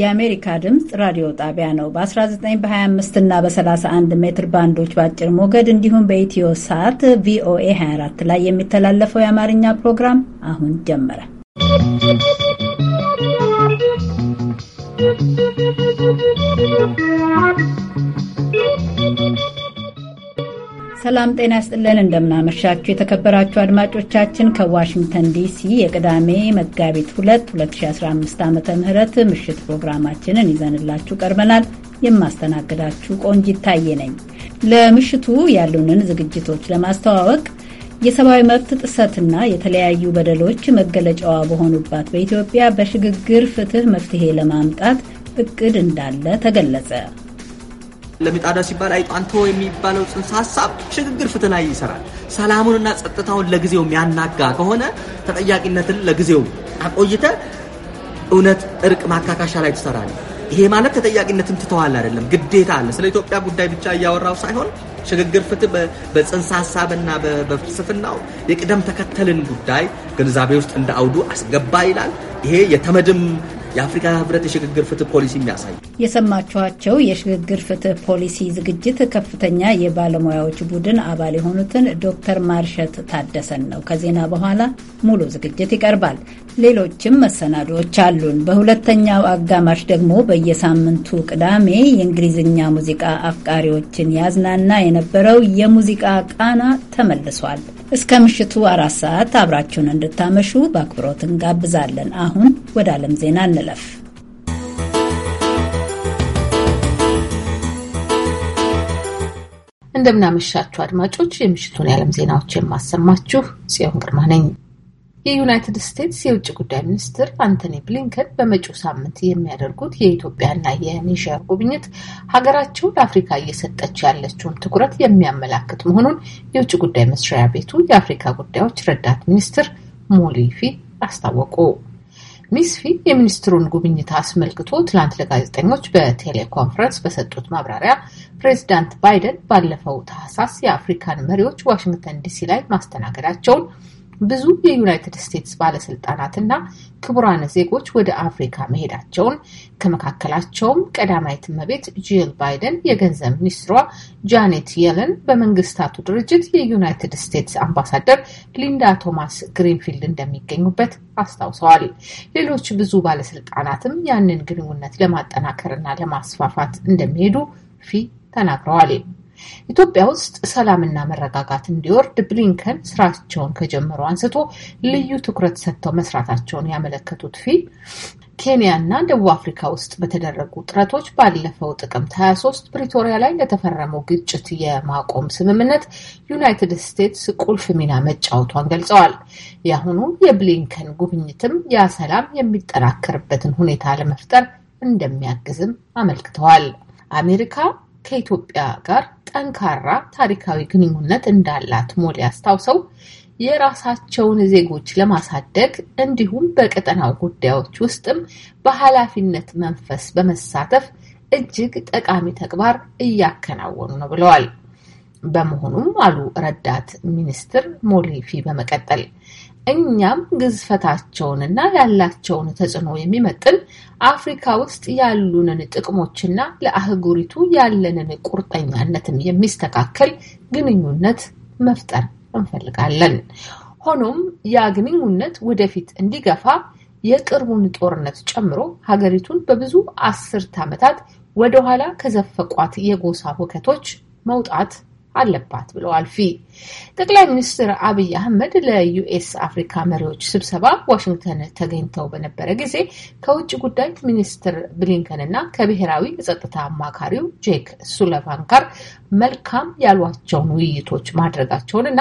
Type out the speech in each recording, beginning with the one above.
የአሜሪካ ድምፅ ራዲዮ ጣቢያ ነው። በ19 በ25 እና በ31 ሜትር ባንዶች በአጭር ሞገድ እንዲሁም በኢትዮ ሳት ቪኦኤ 24 ላይ የሚተላለፈው የአማርኛ ፕሮግራም አሁን ጀመረ። ሰላም ጤና ይስጥልን። እንደምናመሻችሁ የተከበራችሁ አድማጮቻችን ከዋሽንግተን ዲሲ የቅዳሜ መጋቢት 2 2015 ዓ ም ምሽት ፕሮግራማችንን ይዘንላችሁ ቀርበናል። የማስተናግዳችሁ ቆንጅ ይታየ። ነኝ። ለምሽቱ ያሉንን ዝግጅቶች ለማስተዋወቅ የሰብአዊ መብት ጥሰትና የተለያዩ በደሎች መገለጫዋ በሆኑባት በኢትዮጵያ በሽግግር ፍትህ መፍትሄ ለማምጣት እቅድ እንዳለ ተገለጸ። ለሚጣዳ ሲባል አይጦ አንተ የሚባለው ጽንሰ ሀሳብ ሽግግር ፍትህ ላይ ይሰራል። ሰላሙንና ጸጥታውን ለጊዜው የሚያናጋ ከሆነ ተጠያቂነትን ለጊዜው አቆይተ እውነት እርቅ ማካካሻ ላይ ትሰራል። ይሄ ማለት ተጠያቂነትን ትተዋል አይደለም፣ ግዴታ አለ። ስለ ኢትዮጵያ ጉዳይ ብቻ እያወራው ሳይሆን ሽግግር ፍትህ በጽንሰ ሀሳብና በፍልስፍናው የቅደም ተከተልን ጉዳይ ግንዛቤ ውስጥ እንደ አውዱ አስገባ ይላል። ይሄ የተመድም የአፍሪካ ህብረት የሽግግር ፍትህ ፖሊሲ የሚያሳይ የሰማችኋቸው የሽግግር ፍትህ ፖሊሲ ዝግጅት ከፍተኛ የባለሙያዎች ቡድን አባል የሆኑትን ዶክተር ማርሸት ታደሰን ነው። ከዜና በኋላ ሙሉ ዝግጅት ይቀርባል። ሌሎችም መሰናዶዎች አሉን። በሁለተኛው አጋማሽ ደግሞ በየሳምንቱ ቅዳሜ የእንግሊዝኛ ሙዚቃ አፍቃሪዎችን ያዝናና የነበረው የሙዚቃ ቃና ተመልሷል። እስከ ምሽቱ አራት ሰዓት አብራችሁን እንድታመሹ በአክብሮት እንጋብዛለን። አሁን ወደ ዓለም ዜና እንለፍ። እንደምናመሻችሁ አድማጮች፣ የምሽቱን የዓለም ዜናዎች የማሰማችሁ ጽዮን ግርማ ነኝ። የዩናይትድ ስቴትስ የውጭ ጉዳይ ሚኒስትር አንቶኒ ብሊንከን በመጪው ሳምንት የሚያደርጉት የኢትዮጵያና የኒጀር ጉብኝት ሀገራቸው ለአፍሪካ እየሰጠች ያለችውን ትኩረት የሚያመላክት መሆኑን የውጭ ጉዳይ መስሪያ ቤቱ የአፍሪካ ጉዳዮች ረዳት ሚኒስትር ሞሊፊ አስታወቁ። ሚስፊ የሚኒስትሩን ጉብኝት አስመልክቶ ትላንት ለጋዜጠኞች በቴሌኮንፈረንስ በሰጡት ማብራሪያ ፕሬዚዳንት ባይደን ባለፈው ታህሳስ የአፍሪካን መሪዎች ዋሽንግተን ዲሲ ላይ ማስተናገዳቸውን ብዙ የዩናይትድ ስቴትስ ባለስልጣናትና ክቡራን ዜጎች ወደ አፍሪካ መሄዳቸውን ከመካከላቸውም ቀዳማዊት እመቤት ጂል ባይደን፣ የገንዘብ ሚኒስትሯ ጃኔት የለን፣ በመንግስታቱ ድርጅት የዩናይትድ ስቴትስ አምባሳደር ሊንዳ ቶማስ ግሪንፊልድ እንደሚገኙበት አስታውሰዋል። ሌሎች ብዙ ባለስልጣናትም ያንን ግንኙነት ለማጠናከርና ለማስፋፋት እንደሚሄዱ ፊ ተናግረዋል። ኢትዮጵያ ውስጥ ሰላምና መረጋጋት እንዲወርድ ብሊንከን ስራቸውን ከጀመሩ አንስቶ ልዩ ትኩረት ሰጥተው መስራታቸውን ያመለከቱት ፊ ኬንያ እና ደቡብ አፍሪካ ውስጥ በተደረጉ ጥረቶች ባለፈው ጥቅምት 23 ፕሪቶሪያ ላይ ለተፈረመው ግጭት የማቆም ስምምነት ዩናይትድ ስቴትስ ቁልፍ ሚና መጫወቷን ገልጸዋል። የአሁኑ የብሊንከን ጉብኝትም ያ ሰላም የሚጠናከርበትን ሁኔታ ለመፍጠር እንደሚያግዝም አመልክተዋል። አሜሪካ ከኢትዮጵያ ጋር ጠንካራ ታሪካዊ ግንኙነት እንዳላት ሞሌ አስታውሰው የራሳቸውን ዜጎች ለማሳደግ እንዲሁም በቀጠናው ጉዳዮች ውስጥም በኃላፊነት መንፈስ በመሳተፍ እጅግ ጠቃሚ ተግባር እያከናወኑ ነው ብለዋል። በመሆኑም አሉ ረዳት ሚኒስትር ሞሊፊ በመቀጠል እኛም ግዝፈታቸውንና ያላቸውን ተጽዕኖ የሚመጥን አፍሪካ ውስጥ ያሉንን ጥቅሞችና ለአህጉሪቱ ያለንን ቁርጠኛነትም የሚስተካከል ግንኙነት መፍጠር እንፈልጋለን። ሆኖም ያ ግንኙነት ወደፊት እንዲገፋ የቅርቡን ጦርነት ጨምሮ ሀገሪቱን በብዙ አስርት ዓመታት ወደኋላ ከዘፈቋት የጎሳ ሁከቶች መውጣት አለባት ብለዋል ፊ ጠቅላይ ሚኒስትር አብይ አህመድ ለዩኤስ አፍሪካ መሪዎች ስብሰባ ዋሽንግተን ተገኝተው በነበረ ጊዜ ከውጭ ጉዳይ ሚኒስትር ብሊንከን እና ከብሔራዊ ጸጥታ አማካሪው ጄክ ሱለቫን ጋር መልካም ያሏቸውን ውይይቶች ማድረጋቸውን እና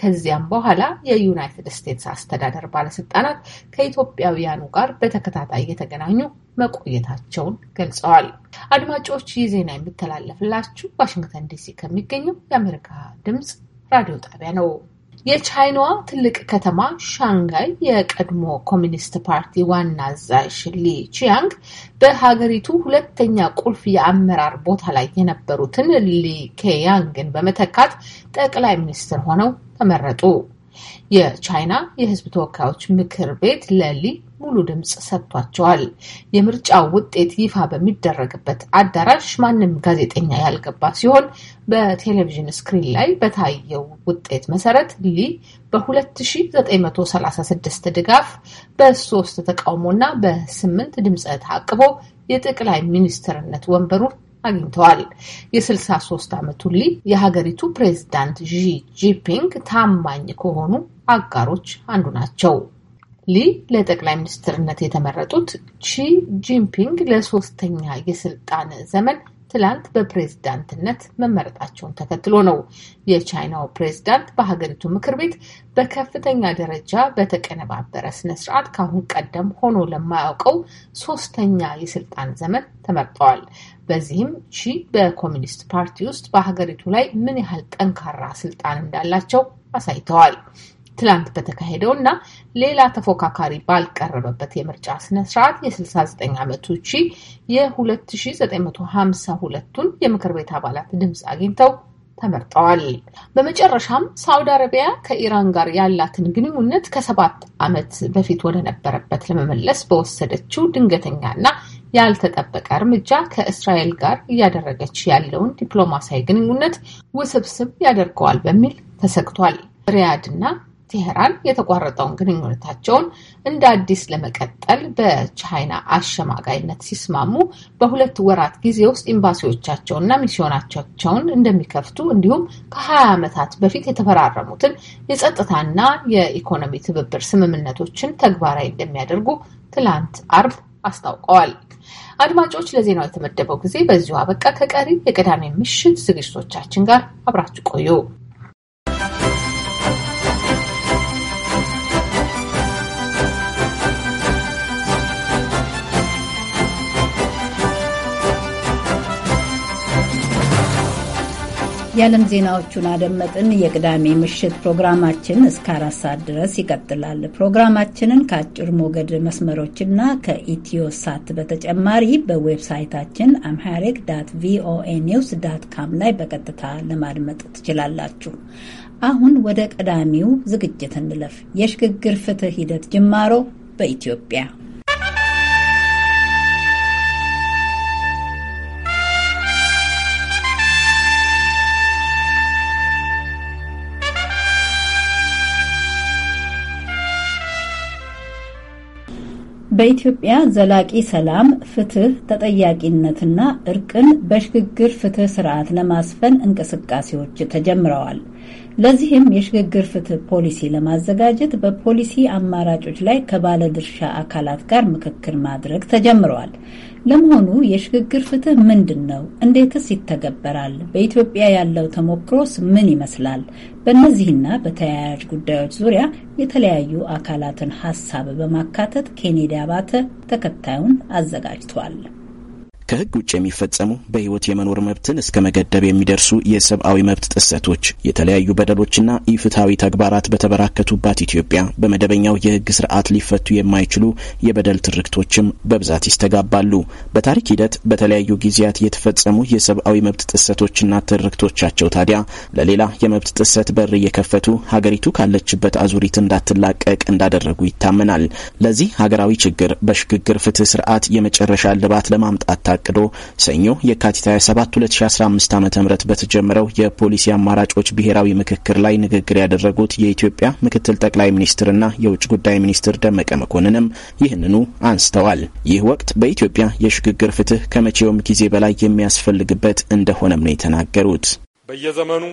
ከዚያም በኋላ የዩናይትድ ስቴትስ አስተዳደር ባለስልጣናት ከኢትዮጵያውያኑ ጋር በተከታታይ የተገናኙ መቆየታቸውን ገልጸዋል። አድማጮች ይህ ዜና የሚተላለፍላችሁ ዋሽንግተን ዲሲ ከሚገኘው የአሜሪካ ድምፅ ራዲዮ ጣቢያ ነው። የቻይናዋ ትልቅ ከተማ ሻንጋይ የቀድሞ ኮሚኒስት ፓርቲ ዋና አዛዥ ሊ ቺያንግ በሀገሪቱ ሁለተኛ ቁልፍ የአመራር ቦታ ላይ የነበሩትን ሊ ኬያንግን በመተካት ጠቅላይ ሚኒስትር ሆነው ተመረጡ። የቻይና የሕዝብ ተወካዮች ምክር ቤት ለሊ ሙሉ ድምፅ ሰጥቷቸዋል። የምርጫው ውጤት ይፋ በሚደረግበት አዳራሽ ማንም ጋዜጠኛ ያልገባ ሲሆን በቴሌቪዥን ስክሪን ላይ በታየው ውጤት መሰረት ሊ በ2936 ድጋፍ በሶስት ተቃውሞና በስምንት ድምፀ ተአቅቦ የጠቅላይ ሚኒስትርነት ወንበሩን አግኝተዋል። የ63 ዓመቱ ሊ የሀገሪቱ ፕሬዚዳንት ዢ ጂፒንግ ታማኝ ከሆኑ አጋሮች አንዱ ናቸው። ሊ ለጠቅላይ ሚኒስትርነት የተመረጡት ቺ ጂንፒንግ ለሶስተኛ የስልጣን ዘመን ትላንት በፕሬዝዳንትነት መመረጣቸውን ተከትሎ ነው። የቻይናው ፕሬዝዳንት በሀገሪቱ ምክር ቤት በከፍተኛ ደረጃ በተቀነባበረ ስነስርዓት ከአሁን ቀደም ሆኖ ለማያውቀው ሶስተኛ የስልጣን ዘመን ተመርጠዋል። በዚህም ቺ በኮሚኒስት ፓርቲ ውስጥ በሀገሪቱ ላይ ምን ያህል ጠንካራ ስልጣን እንዳላቸው አሳይተዋል። ትላንት በተካሄደው እና ሌላ ተፎካካሪ ባልቀረበበት የምርጫ ስነ ስርዓት የ69 ዓመቱ ቺ የ2952ቱን የምክር ቤት አባላት ድምፅ አግኝተው ተመርጠዋል። በመጨረሻም ሳውዲ አረቢያ ከኢራን ጋር ያላትን ግንኙነት ከሰባት ዓመት በፊት ወደ ነበረበት ለመመለስ በወሰደችው ድንገተኛና ያልተጠበቀ እርምጃ ከእስራኤል ጋር እያደረገች ያለውን ዲፕሎማሲያዊ ግንኙነት ውስብስብ ያደርገዋል በሚል ተሰግቷል። ሪያድና ቴሄራን የተቋረጠውን ግንኙነታቸውን እንደ አዲስ ለመቀጠል በቻይና አሸማጋይነት ሲስማሙ በሁለት ወራት ጊዜ ውስጥ ኤምባሲዎቻቸውና ሚስዮናቸውን እንደሚከፍቱ እንዲሁም ከ ዓመታት በፊት የተፈራረሙትን የጸጥታና የኢኮኖሚ ትብብር ስምምነቶችን ተግባራዊ እንደሚያደርጉ ትላንት አርብ አስታውቀዋል። አድማጮች፣ ለዜናው የተመደበው ጊዜ በዚሁ አበቃ። ከቀሪ የቅዳሜ ምሽት ዝግጅቶቻችን ጋር አብራችሁ ቆዩ። የዓለም ዜናዎቹን አደመጥን። የቅዳሜ ምሽት ፕሮግራማችን እስከ አራት ሰዓት ድረስ ይቀጥላል። ፕሮግራማችንን ከአጭር ሞገድ መስመሮችና ከኢትዮ ሳት በተጨማሪ በዌብሳይታችን አምሐሪክ ዳት ቪኦኤ ኒውስ ዳት ካም ላይ በቀጥታ ለማድመጥ ትችላላችሁ። አሁን ወደ ቀዳሚው ዝግጅት እንለፍ። የሽግግር ፍትህ ሂደት ጅማሮ በኢትዮጵያ በኢትዮጵያ ዘላቂ ሰላም፣ ፍትህ፣ ተጠያቂነትና እርቅን በሽግግር ፍትህ ስርዓት ለማስፈን እንቅስቃሴዎች ተጀምረዋል። ለዚህም የሽግግር ፍትህ ፖሊሲ ለማዘጋጀት በፖሊሲ አማራጮች ላይ ከባለድርሻ አካላት ጋር ምክክር ማድረግ ተጀምረዋል። ለመሆኑ የሽግግር ፍትህ ምንድን ነው? እንዴትስ ይተገበራል? በኢትዮጵያ ያለው ተሞክሮስ ምን ይመስላል? በእነዚህና በተያያዥ ጉዳዮች ዙሪያ የተለያዩ አካላትን ሀሳብ በማካተት ኬኔዲ አባተ ተከታዩን አዘጋጅቷል። ከህግ ውጭ የሚፈጸሙ በህይወት የመኖር መብትን እስከ መገደብ የሚደርሱ የሰብአዊ መብት ጥሰቶች፣ የተለያዩ በደሎችና ኢፍትሐዊ ተግባራት በተበራከቱባት ኢትዮጵያ በመደበኛው የህግ ስርዓት ሊፈቱ የማይችሉ የበደል ትርክቶችም በብዛት ይስተጋባሉ። በታሪክ ሂደት በተለያዩ ጊዜያት የተፈጸሙ የሰብአዊ መብት ጥሰቶችና ትርክቶቻቸው ታዲያ ለሌላ የመብት ጥሰት በር እየከፈቱ ሀገሪቱ ካለችበት አዙሪት እንዳትላቀቅ እንዳደረጉ ይታመናል። ለዚህ ሀገራዊ ችግር በሽግግር ፍትህ ስርዓት የመጨረሻ እልባት ለማምጣት ታቅዶ ሰኞ የካቲት 27 2015 ዓ ም በተጀመረው የፖሊሲ አማራጮች ብሔራዊ ምክክር ላይ ንግግር ያደረጉት የኢትዮጵያ ምክትል ጠቅላይ ሚኒስትርና የውጭ ጉዳይ ሚኒስትር ደመቀ መኮንንም ይህንኑ አንስተዋል። ይህ ወቅት በኢትዮጵያ የሽግግር ፍትህ ከመቼውም ጊዜ በላይ የሚያስፈልግበት እንደሆነም ነው የተናገሩት። በየዘመኑ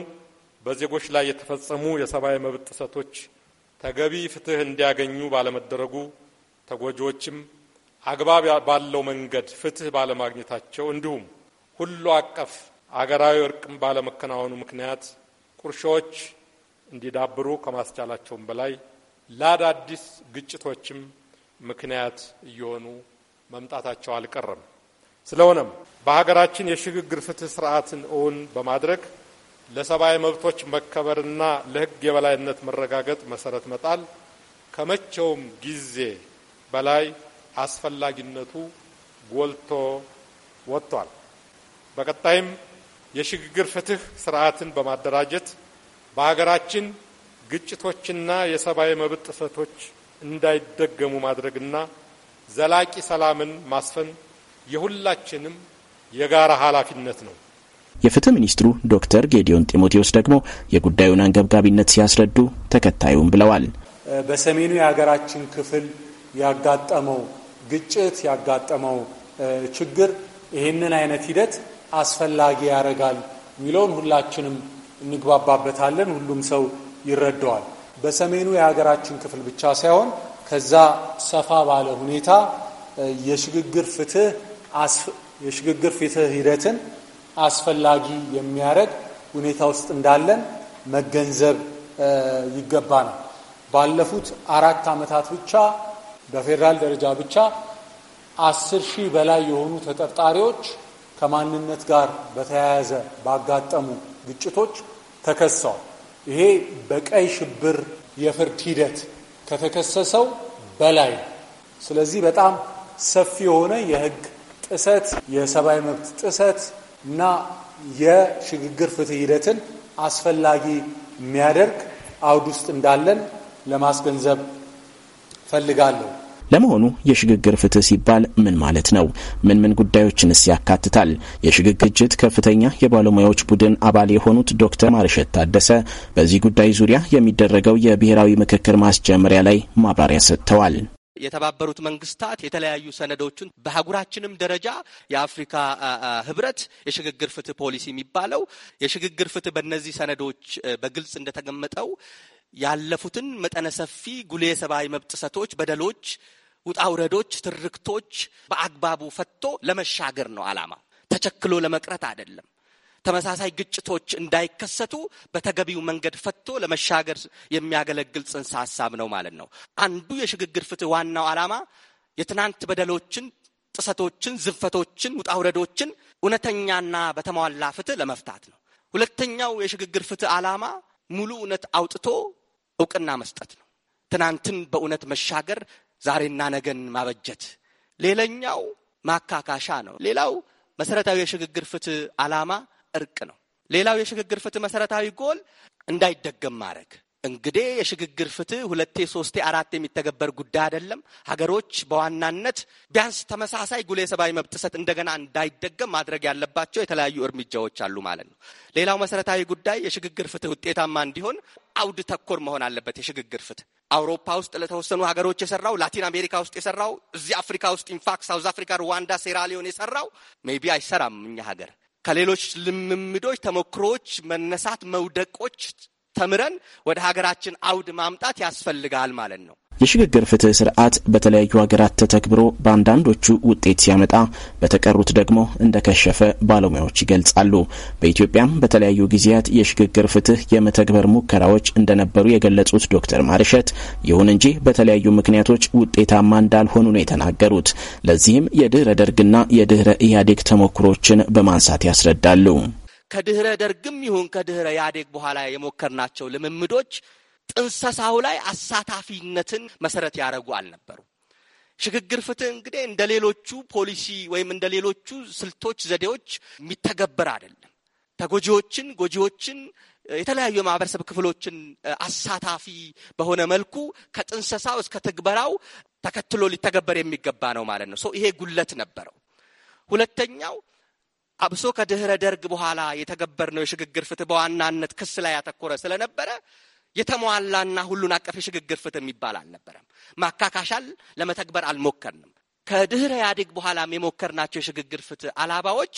በዜጎች ላይ የተፈጸሙ የሰብአዊ መብት ጥሰቶች ተገቢ ፍትህ እንዲያገኙ ባለመደረጉ ተጎጂዎችም አግባብ ባለው መንገድ ፍትህ ባለማግኘታቸው እንዲሁም ሁሉ አቀፍ አገራዊ እርቅም ባለመከናወኑ ምክንያት ቁርሾዎች እንዲዳብሩ ከማስቻላቸውም በላይ ለአዳዲስ ግጭቶችም ምክንያት እየሆኑ መምጣታቸው አልቀረም። ስለሆነም በሀገራችን የሽግግር ፍትህ ስርዓትን እውን በማድረግ ለሰብአዊ መብቶች መከበርና ለሕግ የበላይነት መረጋገጥ መሰረት መጣል ከመቼውም ጊዜ በላይ አስፈላጊነቱ ጎልቶ ወጥቷል። በቀጣይም የሽግግር ፍትህ ስርዓትን በማደራጀት በሀገራችን ግጭቶችና የሰብአዊ መብት ጥሰቶች እንዳይደገሙ ማድረግና ዘላቂ ሰላምን ማስፈን የሁላችንም የጋራ ኃላፊነት ነው። የፍትህ ሚኒስትሩ ዶክተር ጌዲዮን ጢሞቴዎስ ደግሞ የጉዳዩን አንገብጋቢነት ሲያስረዱ ተከታዩም ብለዋል። በሰሜኑ የሀገራችን ክፍል ያጋጠመው ግጭት ያጋጠመው ችግር ይህንን አይነት ሂደት አስፈላጊ ያደርጋል የሚለውን ሁላችንም እንግባባበታለን። ሁሉም ሰው ይረዳዋል። በሰሜኑ የሀገራችን ክፍል ብቻ ሳይሆን ከዛ ሰፋ ባለ ሁኔታ የሽግግር ፍትህ የሽግግር ፍትህ ሂደትን አስፈላጊ የሚያደርግ ሁኔታ ውስጥ እንዳለን መገንዘብ ይገባ ነው። ባለፉት አራት ዓመታት ብቻ በፌዴራል ደረጃ ብቻ አስር ሺህ በላይ የሆኑ ተጠርጣሪዎች ከማንነት ጋር በተያያዘ ባጋጠሙ ግጭቶች ተከሰዋል። ይሄ በቀይ ሽብር የፍርድ ሂደት ከተከሰሰው በላይ ስለዚህ በጣም ሰፊ የሆነ የህግ ጥሰት፣ የሰብአዊ መብት ጥሰት እና የሽግግር ፍትህ ሂደትን አስፈላጊ የሚያደርግ አውድ ውስጥ እንዳለን ለማስገንዘብ ፈልጋለሁ። ለመሆኑ የሽግግር ፍትህ ሲባል ምን ማለት ነው? ምን ምን ጉዳዮችንስ ያካትታል? የሽግግር ግጭት ከፍተኛ የባለሙያዎች ቡድን አባል የሆኑት ዶክተር ማርሸት ታደሰ በዚህ ጉዳይ ዙሪያ የሚደረገው የብሔራዊ ምክክር ማስጀመሪያ ላይ ማብራሪያ ሰጥተዋል። የተባበሩት መንግስታት የተለያዩ ሰነዶችን በአህጉራችንም ደረጃ የአፍሪካ ህብረት የሽግግር ፍትህ ፖሊሲ የሚባለው የሽግግር ፍትህ በእነዚህ ሰነዶች በግልጽ እንደተቀመጠው ያለፉትን መጠነ ሰፊ ጉሌ ሰብአዊ መብት ጥሰቶች፣ በደሎች፣ ውጣውረዶች፣ ትርክቶች በአግባቡ ፈቶ ለመሻገር ነው አላማ። ተቸክሎ ለመቅረት አይደለም። ተመሳሳይ ግጭቶች እንዳይከሰቱ በተገቢው መንገድ ፈቶ ለመሻገር የሚያገለግል ጽንሰ ሀሳብ ነው ማለት ነው። አንዱ የሽግግር ፍትህ ዋናው ዓላማ የትናንት በደሎችን፣ ጥሰቶችን፣ ዝንፈቶችን፣ ውጣውረዶችን እውነተኛና በተሟላ ፍትህ ለመፍታት ነው። ሁለተኛው የሽግግር ፍትህ ዓላማ ሙሉ እውነት አውጥቶ እውቅና መስጠት ነው። ትናንትን በእውነት መሻገር፣ ዛሬና ነገን ማበጀት ሌላኛው ማካካሻ ነው። ሌላው መሰረታዊ የሽግግር ፍትህ ዓላማ እርቅ ነው። ሌላው የሽግግር ፍትህ መሰረታዊ ጎል እንዳይደገም ማድረግ እንግዲህ የሽግግር ፍትህ ሁለቴ ሶስቴ አራት የሚተገበር ጉዳይ አይደለም። ሀገሮች በዋናነት ቢያንስ ተመሳሳይ ጉሌ ሰብአዊ መብት ጥሰት እንደገና እንዳይደገም ማድረግ ያለባቸው የተለያዩ እርምጃዎች አሉ ማለት ነው። ሌላው መሰረታዊ ጉዳይ የሽግግር ፍትህ ውጤታማ እንዲሆን አውድ ተኮር መሆን አለበት። የሽግግር ፍትህ አውሮፓ ውስጥ ለተወሰኑ ሀገሮች የሰራው ላቲን አሜሪካ ውስጥ የሰራው እዚህ አፍሪካ ውስጥ ኢንፋክት ሳውዝ አፍሪካ፣ ሩዋንዳ፣ ሴራሊዮን የሰራው ሜቢ አይሰራም እኛ ሀገር ከሌሎች ልምምዶች፣ ተሞክሮዎች፣ መነሳት፣ መውደቆች ተምረን ወደ ሀገራችን አውድ ማምጣት ያስፈልጋል ማለት ነው። የሽግግር ፍትህ ስርዓት በተለያዩ ሀገራት ተተግብሮ በአንዳንዶቹ ውጤት ሲያመጣ በተቀሩት ደግሞ እንደከሸፈ ባለሙያዎች ይገልጻሉ። በኢትዮጵያም በተለያዩ ጊዜያት የሽግግር ፍትህ የመተግበር ሙከራዎች እንደነበሩ የገለጹት ዶክተር ማርሸት ይሁን እንጂ በተለያዩ ምክንያቶች ውጤታማ እንዳልሆኑ ነው የተናገሩት። ለዚህም የድህረ ደርግና የድህረ ኢህአዴግ ተሞክሮችን በማንሳት ያስረዳሉ። ከድህረ ደርግም ይሁን ከድህረ ያዴግ በኋላ የሞከርናቸው ልምምዶች ጥንሰሳው ላይ አሳታፊነትን መሰረት ያደረጉ አልነበሩ። ሽግግር ፍትህ እንግዲህ እንደ ሌሎቹ ፖሊሲ ወይም እንደ ሌሎቹ ስልቶች፣ ዘዴዎች የሚተገበር አይደለም። ተጎጂዎችን፣ ጎጂዎችን፣ የተለያዩ የማህበረሰብ ክፍሎችን አሳታፊ በሆነ መልኩ ከጥንሰሳው እስከ ትግበራው ተከትሎ ሊተገበር የሚገባ ነው ማለት ነው። ይሄ ጉለት ነበረው። ሁለተኛው አብሶ ከድህረ ደርግ በኋላ የተገበርነው የሽግግር ፍትህ በዋናነት ክስ ላይ ያተኮረ ስለነበረ የተሟላና ሁሉን አቀፍ የሽግግር ፍትህ የሚባል አልነበረም። ማካካሻል ለመተግበር አልሞከርንም። ከድህረ ኢህአዴግ በኋላም የሞከርናቸው የሽግግር ፍትህ አላባዎች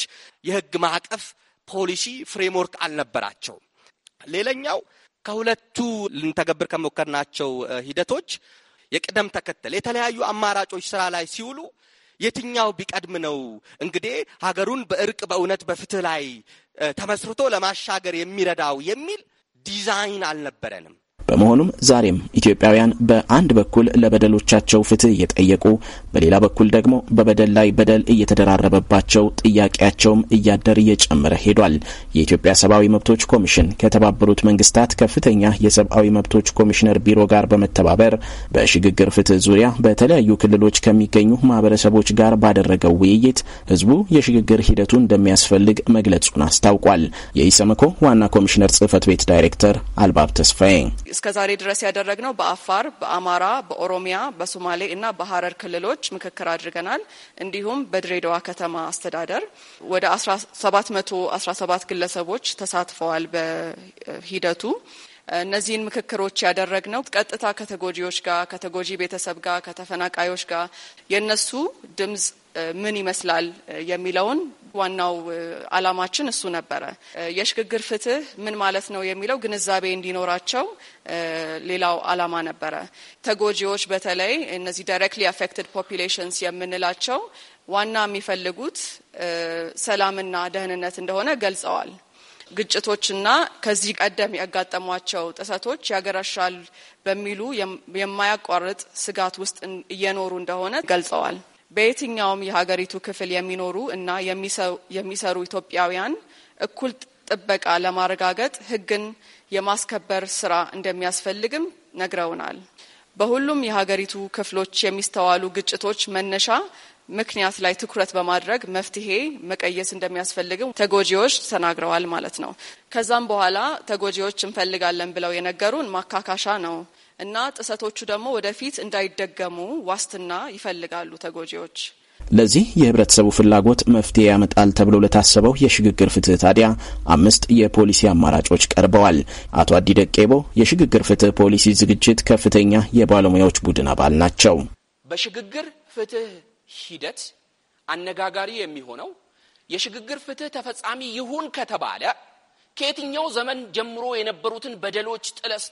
የህግ ማዕቀፍ፣ ፖሊሲ፣ ፍሬምወርክ አልነበራቸውም። ሌላኛው ከሁለቱ ልንተገብር ከሞከርናቸው ሂደቶች የቅደም ተከተል የተለያዩ አማራጮች ስራ ላይ ሲውሉ የትኛው ቢቀድም ነው እንግዲህ ሀገሩን በእርቅ በእውነት በፍትህ ላይ ተመስርቶ ለማሻገር የሚረዳው የሚል ዲዛይን አልነበረንም። በመሆኑም ዛሬም ኢትዮጵያውያን በአንድ በኩል ለበደሎቻቸው ፍትህ እየጠየቁ በሌላ በኩል ደግሞ በበደል ላይ በደል እየተደራረበባቸው ጥያቄያቸውም እያደር እየጨመረ ሄዷል። የኢትዮጵያ ሰብአዊ መብቶች ኮሚሽን ከተባበሩት መንግስታት ከፍተኛ የሰብአዊ መብቶች ኮሚሽነር ቢሮ ጋር በመተባበር በሽግግር ፍትህ ዙሪያ በተለያዩ ክልሎች ከሚገኙ ማህበረሰቦች ጋር ባደረገው ውይይት ህዝቡ የሽግግር ሂደቱ እንደሚያስፈልግ መግለጹን አስታውቋል። የኢሰመኮ ዋና ኮሚሽነር ጽህፈት ቤት ዳይሬክተር አልባብ ተስፋዬ እስከ ዛሬ ድረስ ያደረግነው በአፋር፣ በአማራ፣ በኦሮሚያ፣ በሶማሌ እና በሀረር ክልሎች ምክክር አድርገናል። እንዲሁም በድሬዳዋ ከተማ አስተዳደር ወደ 717 ግለሰቦች ተሳትፈዋል በሂደቱ። እነዚህን ምክክሮች ያደረግነው ቀጥታ ከተጎጂዎች ጋር፣ ከተጎጂ ቤተሰብ ጋር፣ ከተፈናቃዮች ጋር የነሱ ድምጽ ምን ይመስላል የሚለውን ዋናው አላማችን እሱ ነበረ። የሽግግር ፍትህ ምን ማለት ነው የሚለው ግንዛቤ እንዲኖራቸው ሌላው አላማ ነበረ። ተጎጂዎች በተለይ እነዚህ ዳይሬክትሊ አፌክትድ ፖፒሌሽንስ የምንላቸው ዋና የሚፈልጉት ሰላምና ደህንነት እንደሆነ ገልጸዋል። ግጭቶችና ከዚህ ቀደም ያጋጠሟቸው ጥሰቶች ያገረሻል በሚሉ የማያቋርጥ ስጋት ውስጥ እየኖሩ እንደሆነ ገልጸዋል። በየትኛውም የሀገሪቱ ክፍል የሚኖሩ እና የሚሰሩ ኢትዮጵያውያን እኩል ጥበቃ ለማረጋገጥ ህግን የማስከበር ስራ እንደሚያስፈልግም ነግረውናል። በሁሉም የሀገሪቱ ክፍሎች የሚስተዋሉ ግጭቶች መነሻ ምክንያት ላይ ትኩረት በማድረግ መፍትሄ መቀየስ እንደሚያስፈልግም ተጎጂዎች ተናግረዋል ማለት ነው። ከዛም በኋላ ተጎጂዎች እንፈልጋለን ብለው የነገሩን ማካካሻ ነው። እና ጥሰቶቹ ደግሞ ወደፊት እንዳይደገሙ ዋስትና ይፈልጋሉ ተጎጂዎች። ለዚህ የህብረተሰቡ ፍላጎት መፍትሄ ያመጣል ተብሎ ለታሰበው የሽግግር ፍትህ ታዲያ አምስት የፖሊሲ አማራጮች ቀርበዋል። አቶ አዲ ደቄቦ የሽግግር ፍትህ ፖሊሲ ዝግጅት ከፍተኛ የባለሙያዎች ቡድን አባል ናቸው። በሽግግር ፍትህ ሂደት አነጋጋሪ የሚሆነው የሽግግር ፍትህ ተፈጻሚ ይሁን ከተባለ ከየትኛው ዘመን ጀምሮ የነበሩትን በደሎች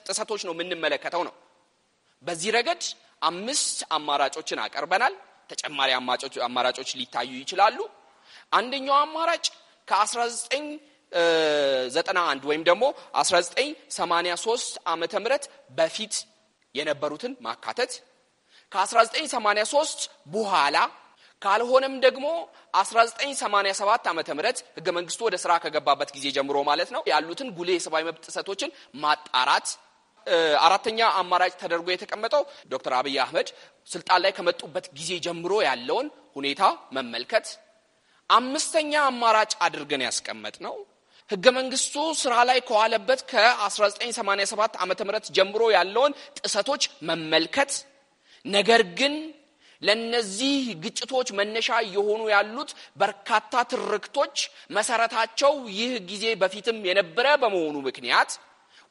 ጥሰቶች ነው የምንመለከተው ነው። በዚህ ረገድ አምስት አማራጮችን አቀርበናል። ተጨማሪ አማራጮች ሊታዩ ይችላሉ። አንደኛው አማራጭ ከ1991 ወይም ደግሞ 1983 ዓመተ ምህረት በፊት የነበሩትን ማካተት ከ1983 በኋላ ካልሆነም ደግሞ 1987 ዓ ም ህገ መንግስቱ ወደ ስራ ከገባበት ጊዜ ጀምሮ ማለት ነው ያሉትን ጉሌ የሰብአዊ መብት ጥሰቶችን ማጣራት አራተኛ አማራጭ ተደርጎ የተቀመጠው ዶክተር አብይ አህመድ ስልጣን ላይ ከመጡበት ጊዜ ጀምሮ ያለውን ሁኔታ መመልከት። አምስተኛ አማራጭ አድርገን ያስቀመጥ ነው ህገ መንግስቱ ስራ ላይ ከዋለበት ከ1987 ዓ ም ጀምሮ ያለውን ጥሰቶች መመልከት ነገር ግን ለነዚህ ግጭቶች መነሻ እየሆኑ ያሉት በርካታ ትርክቶች መሰረታቸው ይህ ጊዜ በፊትም የነበረ በመሆኑ ምክንያት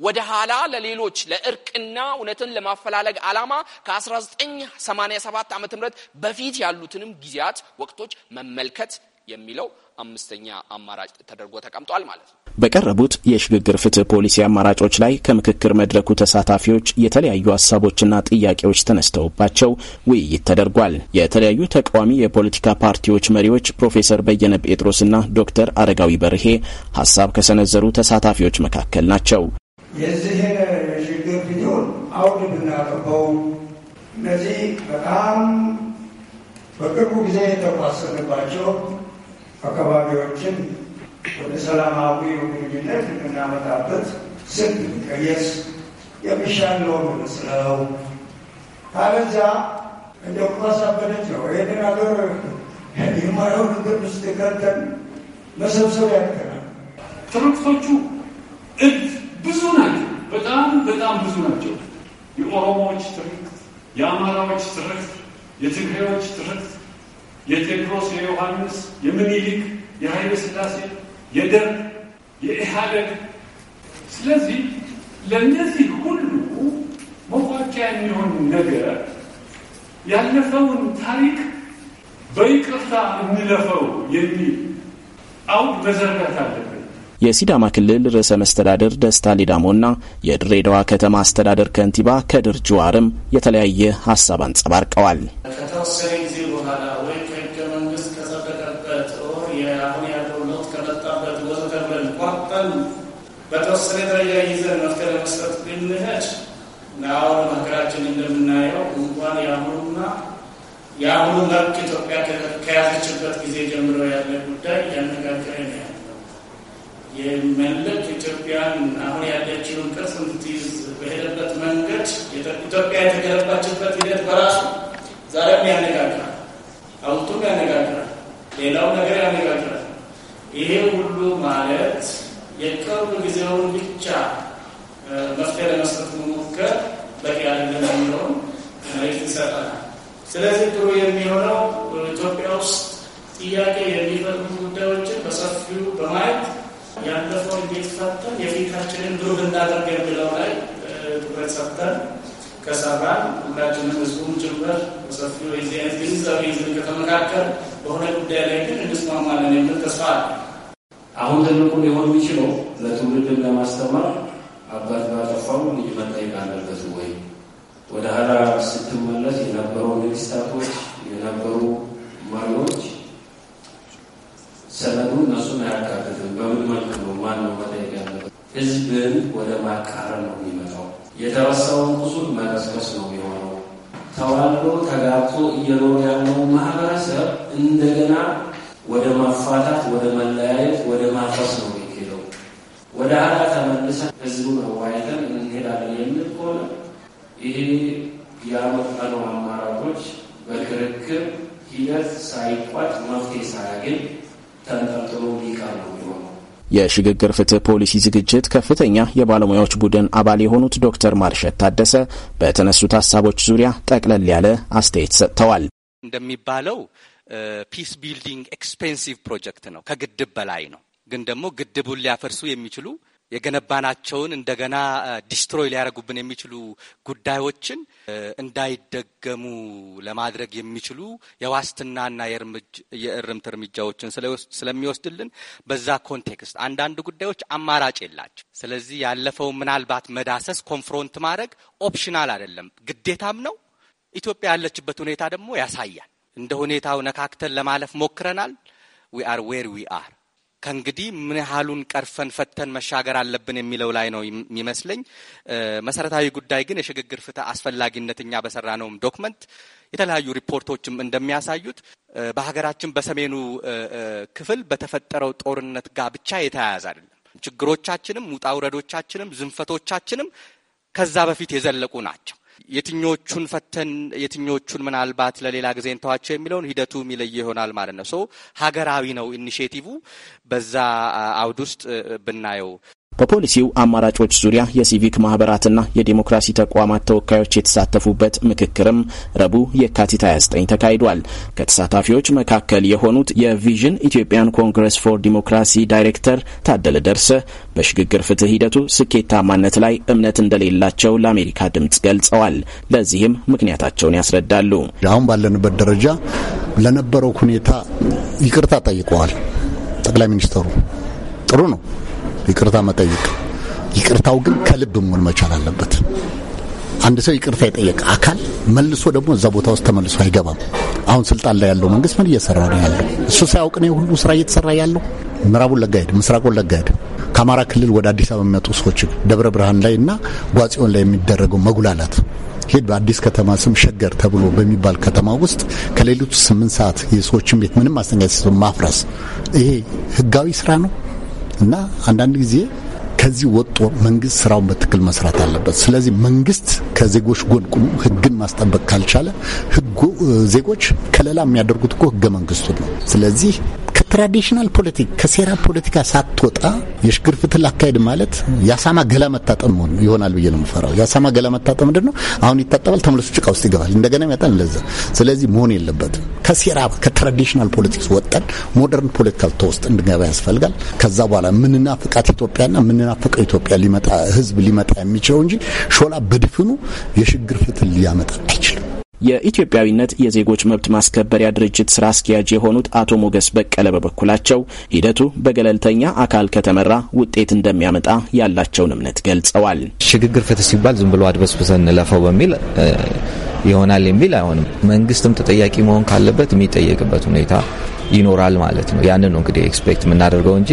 ወደ ኋላ ለሌሎች ለእርቅና እውነትን ለማፈላለግ ዓላማ ከ1987 ዓ ም በፊት ያሉትንም ጊዜያት ወቅቶች መመልከት የሚለው አምስተኛ አማራጭ ተደርጎ ተቀምጧል ማለት ነው። በቀረቡት የሽግግር ፍትህ ፖሊሲ አማራጮች ላይ ከምክክር መድረኩ ተሳታፊዎች የተለያዩ ሀሳቦችና ጥያቄዎች ተነስተውባቸው ውይይት ተደርጓል። የተለያዩ ተቃዋሚ የፖለቲካ ፓርቲዎች መሪዎች ፕሮፌሰር በየነ ጴጥሮስና ዶክተር አረጋዊ በርሄ ሀሳብ ከሰነዘሩ ተሳታፊዎች መካከል ናቸው። የዚህ ሽግግር ፍትሁን አውድ ብናቀበው እነዚህ በጣም በቅርቡ ጊዜ የተቋሰንባቸው አካባቢዎችን ወደ ሰላማዊ ግንኙነት የምናመጣበት ስልት ሚቀየስ የሚሻለው መስለው አለዚያ እንደው ማሳበደች ነው። ይህንን ሀገር የማየው ውስጥ መሰብሰብ ያደርገናል። ትርክቶቹ እልፍ ብዙ ናቸው። በጣም በጣም ብዙ ናቸው። የኦሮሞዎች ትርክት፣ የአማራዎች ትርክት፣ የትግሬዎች ትርክት የቴድሮስ የዮሐንስ፣ የምኒልክ፣ የኃይለ ስላሴ የደርግ፣ የኢህአደግ ስለዚህ ለእነዚህ ሁሉ መዋቂያ የሚሆን ነገር ያለፈውን ታሪክ በይቅርታ እንለፈው የሚል አውድ መዘርጋት አለብን። የሲዳማ ክልል ርዕሰ መስተዳደር ደስታ ሊዳሞና የድሬዳዋ ከተማ አስተዳደር ከንቲባ ከድር ጅዋርም የተለያየ ሀሳብ አንጸባርቀዋል። ከተወሰነ ጊዜ በኋላ በተወሰነ ደረጃ ይዘን መፍትሄ ለመስጠት ብንሄድ አሁን ሀገራችን እንደምናየው እንኳን የአሁኑና የአሁኑ መልክ ኢትዮጵያ ከያዘችበት ጊዜ ጀምሮ ያለ ጉዳይ ያነጋገረ ነው ያለው። የመለክ ኢትዮጵያን አሁን ያለችውን ቅርጽ እንድትይዝ በሄደበት መንገድ ኢትዮጵያ የተገለባችበት ሂደት በራሱ ዛሬም ያነጋግራል፣ አውቱም ያነጋግራል፣ ሌላው ነገር ያነጋግራል። ይሄ ሁሉ ማለት የቅርብ ጊዜውን ብቻ መፍትሄ ለመስጠት መሞከር በቂ አይደለም የሚለውን መሬት ይሰጠናል። ስለዚህ ጥሩ የሚሆነው ኢትዮጵያ ውስጥ ጥያቄ የሚፈልጉ ጉዳዮችን በሰፊው በማየት ያለፈው እንዲፈተን የፊታችንን ብሩህ እናደርግ የሚለው ላይ ትኩረት ሰጥተን ከሰራን ሁላችንም ህዝቡም ጭምር በሰፊው የዚህ አይነት ግንዛቤ ይዘን ከተመካከል በሆነ ጉዳይ ላይ ግን እንድስማማለን የምል ተስፋ አለ። አሁን ትልቁ ሊሆን የሚችለው ለትውልድም ለማስተማር አባት ባጠፋው ልጅ መጠየቅ አለበት ወይ? ወደ ኋላ ስትመለስ የነበሩ ንግስታቶች የነበሩ መሪዎች ሰነዱ እነሱን አያካትትም። በምን መልክ ነው ማን ነው መጠየቅ ያለበት? ህዝብን ወደ ማቃረን ነው የሚመጣው። የተረሳውን ቁስል መቀስቀስ ነው የሆነው። ተዋልዶ ተጋብቶ እየኖረ ያለው ማህበረሰብ እንደገና ወደ ማፋታት፣ ወደ መለያየት፣ ወደ ማፈስ ነው የሚሄደው። ወደ ኋላ ተመልሰን ህዝቡን አዋይተን እንሄዳለን የሚል ከሆነ ይሄ ያመጣነው አማራጮች በክርክር ሂደት ሳይቋጭ መፍትሄ ሳያገኝ ተንጠልጥሎ ሊቀር ነው የሚሆነው። የሽግግር ፍትህ ፖሊሲ ዝግጅት ከፍተኛ የባለሙያዎች ቡድን አባል የሆኑት ዶክተር ማርሸት ታደሰ በተነሱት ሀሳቦች ዙሪያ ጠቅለል ያለ አስተያየት ሰጥተዋል። እንደሚባለው ፒስ ቢልዲንግ ኤክስፔንሲቭ ፕሮጀክት ነው። ከግድብ በላይ ነው። ግን ደግሞ ግድቡን ሊያፈርሱ የሚችሉ የገነባናቸውን እንደገና ዲስትሮይ ሊያደርጉብን የሚችሉ ጉዳዮችን እንዳይደገሙ ለማድረግ የሚችሉ የዋስትናና የእርምት እርምጃዎችን ስለሚወስድልን በዛ ኮንቴክስት አንዳንድ ጉዳዮች አማራጭ የላቸው። ስለዚህ ያለፈው ምናልባት መዳሰስ ኮንፍሮንት ማድረግ ኦፕሽናል አይደለም፣ ግዴታም ነው። ኢትዮጵያ ያለችበት ሁኔታ ደግሞ ያሳያል። እንደ ሁኔታው ነካክተን ለማለፍ ሞክረናል። ዊ አር ዌር ዊ አር። ከእንግዲህ ምን ያህሉን ቀርፈን ፈተን መሻገር አለብን የሚለው ላይ ነው የሚመስለኝ። መሰረታዊ ጉዳይ ግን የሽግግር ፍትህ አስፈላጊነት እኛ ነውም ዶክመንት የተለያዩ ሪፖርቶችም እንደሚያሳዩት በሀገራችን በሰሜኑ ክፍል በተፈጠረው ጦርነት ጋር ብቻ የተያያዘ አይደለም። ችግሮቻችንም ውጣውረዶቻችንም ዝንፈቶቻችንም ከዛ በፊት የዘለቁ ናቸው። የትኞቹን ፈተን የትኞቹን ምናልባት ለሌላ ጊዜ እንተዋቸው የሚለውን ሂደቱ የሚለይ ይሆናል ማለት ነው። ሶ ሀገራዊ ነው ኢኒሽቲቭ በዛ አውድ ውስጥ ብናየው በፖሊሲው አማራጮች ዙሪያ የሲቪክ ማህበራትና የዲሞክራሲ ተቋማት ተወካዮች የተሳተፉበት ምክክርም ረቡዕ የካቲት 29 ተካሂዷል። ከተሳታፊዎች መካከል የሆኑት የቪዥን ኢትዮጵያን ኮንግረስ ፎር ዲሞክራሲ ዳይሬክተር ታደለ ደርሰ በሽግግር ፍትህ ሂደቱ ስኬታማነት ላይ እምነት እንደሌላቸው ለአሜሪካ ድምፅ ገልጸዋል። ለዚህም ምክንያታቸውን ያስረዳሉ። አሁን ባለንበት ደረጃ ለነበረው ሁኔታ ይቅርታ ጠይቀዋል ጠቅላይ ሚኒስትሩ ጥሩ ነው ይቅርታ መጠየቅ። ይቅርታው ግን ከልብ መሆን መቻል አለበት። አንድ ሰው ይቅርታ የጠየቀ አካል መልሶ ደግሞ እዛ ቦታ ውስጥ ተመልሶ አይገባም። አሁን ስልጣን ላይ ያለው መንግስት ምን እየሰራ ነው ያለው? እሱ ሳያውቅ ነው ሁሉ ስራ እየተሰራ ያለው። ምዕራብ ወለጋ ሄድ፣ ምስራቅ ወለጋ ሄድ፣ ከአማራ ክልል ወደ አዲስ አበባ የሚመጡ ሰዎች ደብረ ብርሃን ላይ እና ጓጽዮን ላይ የሚደረገው መጉላላት ሄድ በአዲስ ከተማ ስም ሸገር ተብሎ በሚባል ከተማ ውስጥ ከሌሊቱ ስምንት ሰዓት የሰዎችን ቤት ምንም ማስተንገስ ማፍረስ ይሄ ህጋዊ ስራ ነው? እና አንዳንድ ጊዜ ከዚህ ወጦ መንግስት ስራውን በትክክል መስራት አለበት። ስለዚህ መንግስት ከዜጎች ጎን ቁሞ ህግን ማስጠበቅ ካልቻለ ህጉ ዜጎች ከለላ የሚያደርጉት እኮ ህገ መንግስቱን ነው። ስለዚህ ከትራዲሽናል ፖለቲክ ከሴራ ፖለቲካ ሳትወጣ የሽግርፍትል አካሄድ ማለት የአሳማ ገላ መታጠም ይሆናል ብዬ ነው የምፈራው። የአሳማ ገላ መታጠም ምንድን ነው? አሁን ይታጠባል፣ ተመልሶ ጭቃ ውስጥ ይገባል፣ እንደገና ያጣል። ለዛ ስለዚህ መሆን የለበትም። ከሴራ ከትራዲሽናል ፖለቲክስ ወጠን ሞደርን ፖለቲካል ተውስጥ እንድገባ ያስፈልጋል። ከዛ በኋላ ምንና ፍቃት ኢትዮጵያና ምን የሚናፍቀው ኢትዮጵያ ሊመጣ ህዝብ ሊመጣ የሚችለው እንጂ ሾላ በድፍኑ የሽግግር ፍትህ ሊያመጣ አይችልም። የኢትዮጵያዊነት የዜጎች መብት ማስከበሪያ ድርጅት ስራ አስኪያጅ የሆኑት አቶ ሞገስ በቀለ በበኩላቸው ሂደቱ በገለልተኛ አካል ከተመራ ውጤት እንደሚያመጣ ያላቸውን እምነት ገልጸዋል። ሽግግር ፍትህ ሲባል ዝም ብሎ አድበስብሰን እንለፈው በሚል ይሆናል የሚል አይሆንም። መንግስትም ተጠያቂ መሆን ካለበት የሚጠየቅበት ሁኔታ ይኖራል ማለት ነው። ያንን ነው እንግዲህ ኤክስፔክት የምናደርገው እንጂ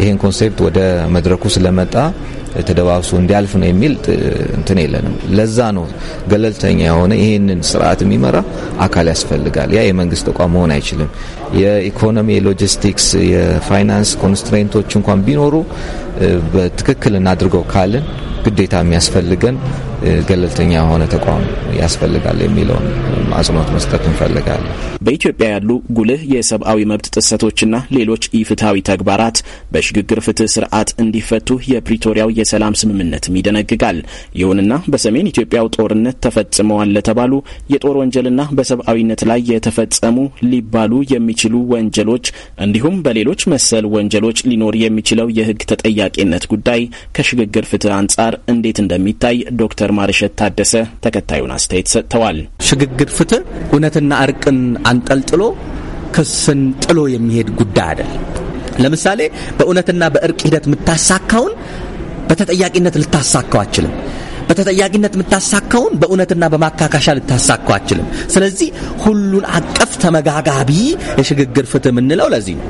ይህን ኮንሴፕት ወደ መድረኩ ስለመጣ ተደባብሶ እንዲያልፍ ነው የሚል እንትን የለንም። ለዛ ነው ገለልተኛ የሆነ ይህንን ስርዓት የሚመራ አካል ያስፈልጋል። ያ የመንግስት ተቋም መሆን አይችልም። የኢኮኖሚ፣ የሎጂስቲክስ፣ የፋይናንስ ኮንስትሬንቶች እንኳን ቢኖሩ በትክክል እናድርገው ካልን ግዴታ የሚያስፈልገን ገለልተኛ የሆነ ተቋም ያስፈልጋል የሚለውን አጽንኦት መስጠት እንፈልጋለን። በኢትዮጵያ ያሉ ጉልህ የሰብአዊ መብት ጥሰቶችና ሌሎች ኢፍትሐዊ ተግባራት በሽግግር ፍትህ ስርዓት እንዲፈቱ የፕሪቶሪያው የሰላም ስምምነትም ይደነግጋል። ይሁንና በሰሜን ኢትዮጵያው ጦርነት ተፈጽመዋል ለተባሉ የጦር ወንጀልና በሰብአዊነት ላይ የተፈጸሙ ሊባሉ የሚችሉ ወንጀሎች እንዲሁም በሌሎች መሰል ወንጀሎች ሊኖር የሚችለው የህግ ተጠያቂነት ጉዳይ ከሽግግር ፍትህ አንጻር እንዴት እንደሚታይ ዶክተር ዶክተር ማርሸት ታደሰ ተከታዩን አስተያየት ሰጥተዋል። ሽግግር ፍትህ እውነትና እርቅን አንጠልጥሎ ክስን ጥሎ የሚሄድ ጉዳይ አይደል። ለምሳሌ በእውነትና በእርቅ ሂደት የምታሳካውን በተጠያቂነት ልታሳካው አችልም። በተጠያቂነት የምታሳካውን በእውነትና በማካካሻ ልታሳካው አችልም። ስለዚህ ሁሉን አቀፍ ተመጋጋቢ የሽግግር ፍትህ የምንለው ለዚህ ነው።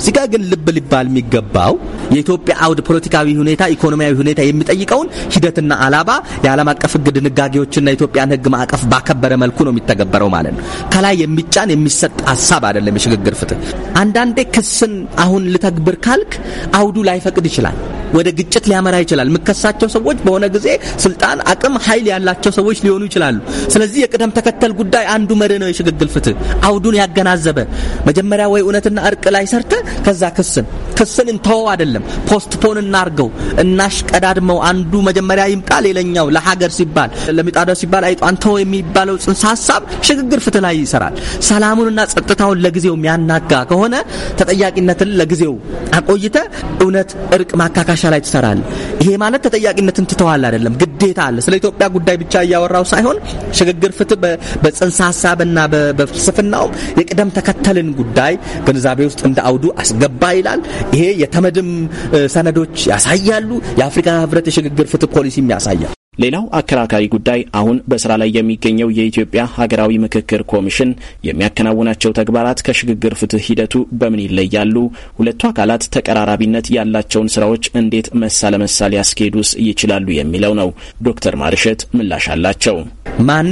እዚጋ ግን ልብ ሊባል የሚገባው የኢትዮጵያ አውድ ፖለቲካዊ ሁኔታ፣ ኢኮኖሚያዊ ሁኔታ የሚጠይቀውን ሂደትና አላባ የዓለም አቀፍ ህግ ድንጋጌዎችና የኢትዮጵያን ህግ ማዕቀፍ ባከበረ መልኩ ነው የሚተገበረው ማለት ነው። ከላይ የሚጫን የሚሰጥ ሀሳብ አይደለም የሽግግር ፍትህ። አንዳንዴ ክስን አሁን ልተግብር ካልክ አውዱ ላይፈቅድ ይችላል። ወደ ግጭት ሊያመራ ይችላል። የምከሳቸው ሰዎች በሆነ ጊዜ ስልጣን፣ አቅም፣ ኃይል ያላቸው ሰዎች ሊሆኑ ይችላሉ። ስለዚህ የቅደም ተከተል ጉዳይ አንዱ መርህ ነው የሽግግር ፍትህ አውዱን ያገናዘበ መጀመሪያ ወይ እውነትና እርቅ ላይ ሰርተ ከዛ ክስን ክስን እንተው አይደለም፣ ፖስትፖን እናርገው፣ እናሽቀዳድመው። አንዱ መጀመሪያ ይምጣ፣ ሌላኛው ለሀገር ሲባል ለሚጣዳ ሲባል አይጧ አንተው የሚባለው ጽንሰ ሀሳብ ሽግግር ፍትህ ላይ ይሰራል። ሰላሙንና ጸጥታውን ለጊዜው የሚያናጋ ከሆነ ተጠያቂነትን ለጊዜው አቆይተ እውነት እርቅ ማካካሻ ላይ ትሰራል። ይሄ ማለት ተጠያቂነትን ትተዋል አይደለም፣ ግዴታ አለ። ስለ ኢትዮጵያ ጉዳይ ብቻ እያወራው ሳይሆን ሽግግር ፍትህ በጽንሰ ሀሳብና በፍልስፍናውም የቅደም ተከተልን ጉዳይ ግንዛቤ ውስጥ እንደ አውዱ አስገባ ይላል። ይሄ የተመድም ሰነዶች ያሳያሉ። የአፍሪካ ህብረት የሽግግር ፍትህ ፖሊሲም ያሳያል። ሌላው አከራካሪ ጉዳይ አሁን በስራ ላይ የሚገኘው የኢትዮጵያ ሀገራዊ ምክክር ኮሚሽን የሚያከናውናቸው ተግባራት ከሽግግር ፍትህ ሂደቱ በምን ይለያሉ? ሁለቱ አካላት ተቀራራቢነት ያላቸውን ስራዎች እንዴት መሳ ለመሳ ሊያስኬዱስ ይችላሉ? የሚለው ነው። ዶክተር ማርሸት ምላሽ አላቸው። ማን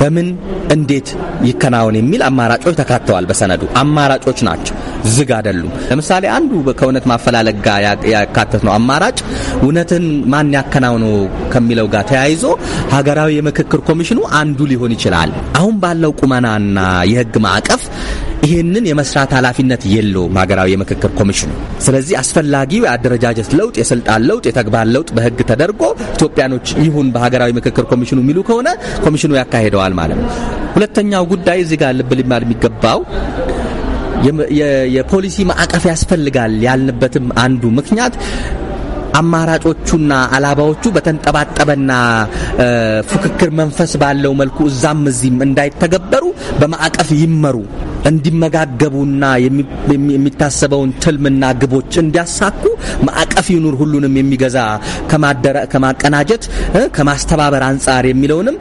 በምን እንዴት ይከናወን የሚል አማራጮች ተካተዋል። በሰነዱ አማራጮች ናቸው፣ ዝግ አይደሉም። ለምሳሌ አንዱ ከእውነት ማፈላለግ ጋር ያካተት ነው አማራጭ እውነትን ማን ያከናውነው ከሚለው ጋር ተያይዞ ሀገራዊ የምክክር ኮሚሽኑ አንዱ ሊሆን ይችላል። አሁን ባለው ቁመናና የህግ ማዕቀፍ ይህንን የመስራት ኃላፊነት የለውም ሀገራዊ የምክክር ኮሚሽኑ። ስለዚህ አስፈላጊው የአደረጃጀት ለውጥ፣ የስልጣን ለውጥ፣ የተግባር ለውጥ በህግ ተደርጎ ኢትዮጵያኖች ይሁን በሀገራዊ ምክክር ኮሚሽኑ የሚሉ ከሆነ ኮሚሽኑ ያካሂደዋል ማለት ነው። ሁለተኛው ጉዳይ እዚህ ጋር ልብ ሊባል የሚገባው የፖሊሲ ማዕቀፍ ያስፈልጋል ያልንበትም አንዱ ምክንያት አማራጮቹና አላባዎቹ በተንጠባጠበና ፉክክር መንፈስ ባለው መልኩ እዛም እዚህም እንዳይተገበሩ በማዕቀፍ ይመሩ እንዲመጋገቡና የሚታሰበውን ትልምና ግቦች እንዲያሳኩ ማዕቀፍ ይኑር፣ ሁሉንም የሚገዛ ከማቀናጀት ከማስተባበር አንጻር የሚለውንም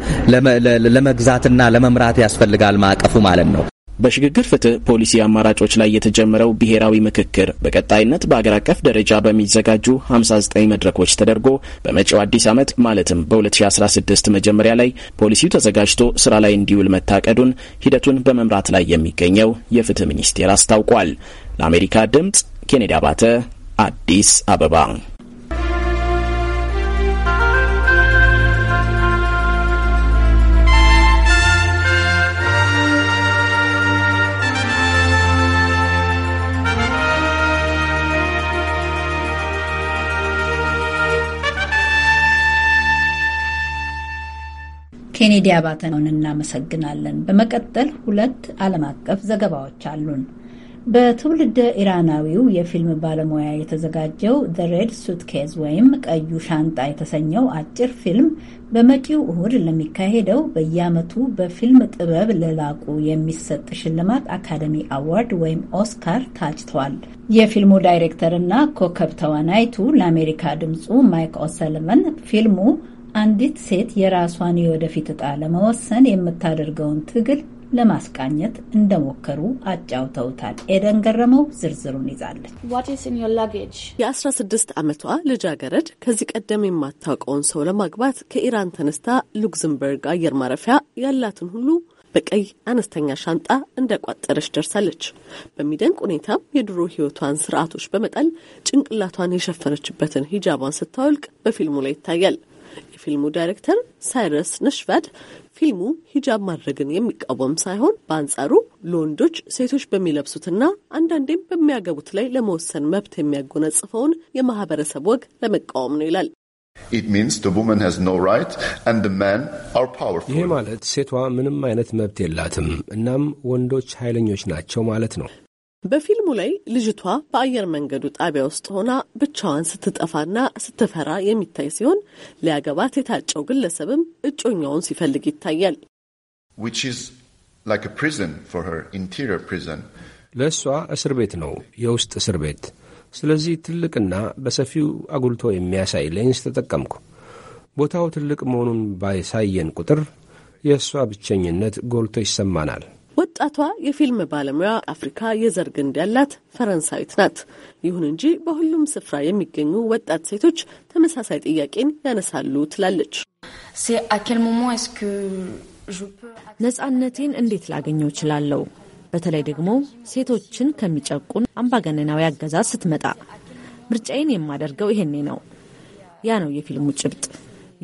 ለመግዛትና ለመምራት ያስፈልጋል ማዕቀፉ ማለት ነው። በሽግግር ፍትህ ፖሊሲ አማራጮች ላይ የተጀመረው ብሔራዊ ምክክር በቀጣይነት በአገር አቀፍ ደረጃ በሚዘጋጁ 59 መድረኮች ተደርጎ በመጪው አዲስ ዓመት ማለትም በ2016 መጀመሪያ ላይ ፖሊሲው ተዘጋጅቶ ስራ ላይ እንዲውል መታቀዱን ሂደቱን በመምራት ላይ የሚገኘው የፍትህ ሚኒስቴር አስታውቋል። ለአሜሪካ ድምፅ ኬኔዲ አባተ አዲስ አበባ ኬኔዲ አባተን እናመሰግናለን። በመቀጠል ሁለት ዓለም አቀፍ ዘገባዎች አሉን። በትውልደ ኢራናዊው የፊልም ባለሙያ የተዘጋጀው ዘ ሬድ ሱትኬዝ ወይም ቀዩ ሻንጣ የተሰኘው አጭር ፊልም በመጪው እሁድ ለሚካሄደው በየዓመቱ በፊልም ጥበብ ለላቁ የሚሰጥ ሽልማት አካደሚ አዋርድ ወይም ኦስካር ታጭቷል። የፊልሙ ዳይሬክተርና ኮከብ ተዋናይቱ ለአሜሪካ ድምፁ ማይክ ኦሰልመን ፊልሙ አንዲት ሴት የራሷን የወደፊት ዕጣ ለመወሰን የምታደርገውን ትግል ለማስቃኘት እንደሞከሩ አጫውተውታል። ኤደን ገረመው ዝርዝሩን ይዛለች። የ16 ዓመቷ ልጃገረድ ከዚህ ቀደም የማታውቀውን ሰው ለማግባት ከኢራን ተነስታ ሉክዘምበርግ አየር ማረፊያ ያላትን ሁሉ በቀይ አነስተኛ ሻንጣ እንደቋጠረች ደርሳለች። በሚደንቅ ሁኔታም የድሮ ሕይወቷን ስርዓቶች በመጣል ጭንቅላቷን የሸፈነችበትን ሂጃቧን ስታወልቅ በፊልሙ ላይ ይታያል። የፊልሙ ዳይሬክተር ሳይረስ ነሽቫድ ፊልሙ ሂጃብ ማድረግን የሚቃወም ሳይሆን በአንጻሩ ለወንዶች ሴቶች በሚለብሱትና አንዳንዴም በሚያገቡት ላይ ለመወሰን መብት የሚያጎነጽፈውን የማህበረሰብ ወግ ለመቃወም ነው ይላል። ይሄ ማለት ሴቷ ምንም አይነት መብት የላትም፣ እናም ወንዶች ኃይለኞች ናቸው ማለት ነው። በፊልሙ ላይ ልጅቷ በአየር መንገዱ ጣቢያ ውስጥ ሆና ብቻዋን ስትጠፋና ስትፈራ የሚታይ ሲሆን ሊያገባት የታጨው ግለሰብም እጮኛውን ሲፈልግ ይታያል። ለእሷ እስር ቤት ነው፣ የውስጥ እስር ቤት። ስለዚህ ትልቅና በሰፊው አጉልቶ የሚያሳይ ሌንስ ተጠቀምኩ። ቦታው ትልቅ መሆኑን ባሳየን ቁጥር የእሷ ብቸኝነት ጎልቶ ይሰማናል። ወጣቷ የፊልም ባለሙያ አፍሪካ የዘር ግንድ ያላት ፈረንሳዊት ናት። ይሁን እንጂ በሁሉም ስፍራ የሚገኙ ወጣት ሴቶች ተመሳሳይ ጥያቄን ያነሳሉ ትላለች። ነጻነቴን እንዴት ላገኘው እችላለሁ? በተለይ ደግሞ ሴቶችን ከሚጨቁን አምባገነናዊ አገዛዝ ስትመጣ ምርጫዬን የማደርገው ይሄኔ ነው። ያ ነው የፊልሙ ጭብጥ።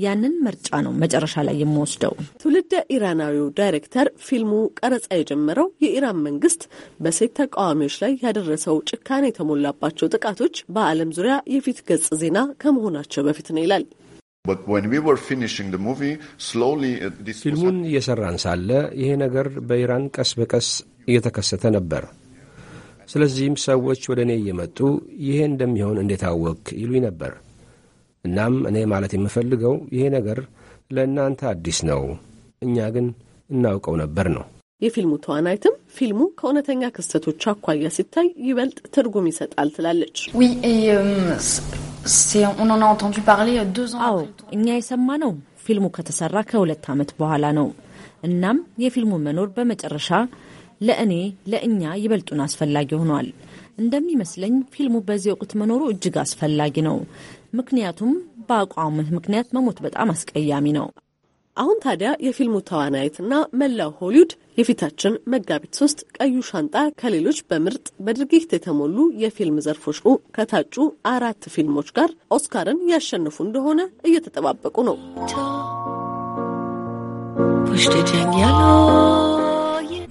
ያንን ምርጫ ነው መጨረሻ ላይ የምወስደው። ትውልደ ኢራናዊው ዳይሬክተር ፊልሙ ቀረጻ የጀመረው የኢራን መንግስት በሴት ተቃዋሚዎች ላይ ያደረሰው ጭካኔ የተሞላባቸው ጥቃቶች በዓለም ዙሪያ የፊት ገጽ ዜና ከመሆናቸው በፊት ነው ይላል። ፊልሙን እየሰራን ሳለ ይሄ ነገር በኢራን ቀስ በቀስ እየተከሰተ ነበር። ስለዚህም ሰዎች ወደ እኔ እየመጡ ይሄ እንደሚሆን እንዴት አወቅ ይሉኝ ነበር። እናም እኔ ማለት የምፈልገው ይሄ ነገር ለእናንተ አዲስ ነው፣ እኛ ግን እናውቀው ነበር ነው። የፊልሙ ተዋናይትም ፊልሙ ከእውነተኛ ክስተቶች አኳያ ሲታይ ይበልጥ ትርጉም ይሰጣል ትላለች። euh, አዎ እኛ የሰማነው ፊልሙ ከተሰራ ከሁለት ዓመት በኋላ ነው። እናም የፊልሙ መኖር በመጨረሻ ለእኔ ለእኛ ይበልጡን አስፈላጊ ሆኗል። እንደሚመስለኝ ፊልሙ በዚህ ወቅት መኖሩ እጅግ አስፈላጊ ነው። ምክንያቱም በአቋምህ ምክንያት መሞት በጣም አስቀያሚ ነው። አሁን ታዲያ የፊልሙ ተዋናይትና መላው ሆሊውድ የፊታችን መጋቢት ሶስት ቀዩ ሻንጣ ከሌሎች በምርጥ በድርጊት የተሞሉ የፊልም ዘርፎች ከታጩ አራት ፊልሞች ጋር ኦስካርን ያሸንፉ እንደሆነ እየተጠባበቁ ነው።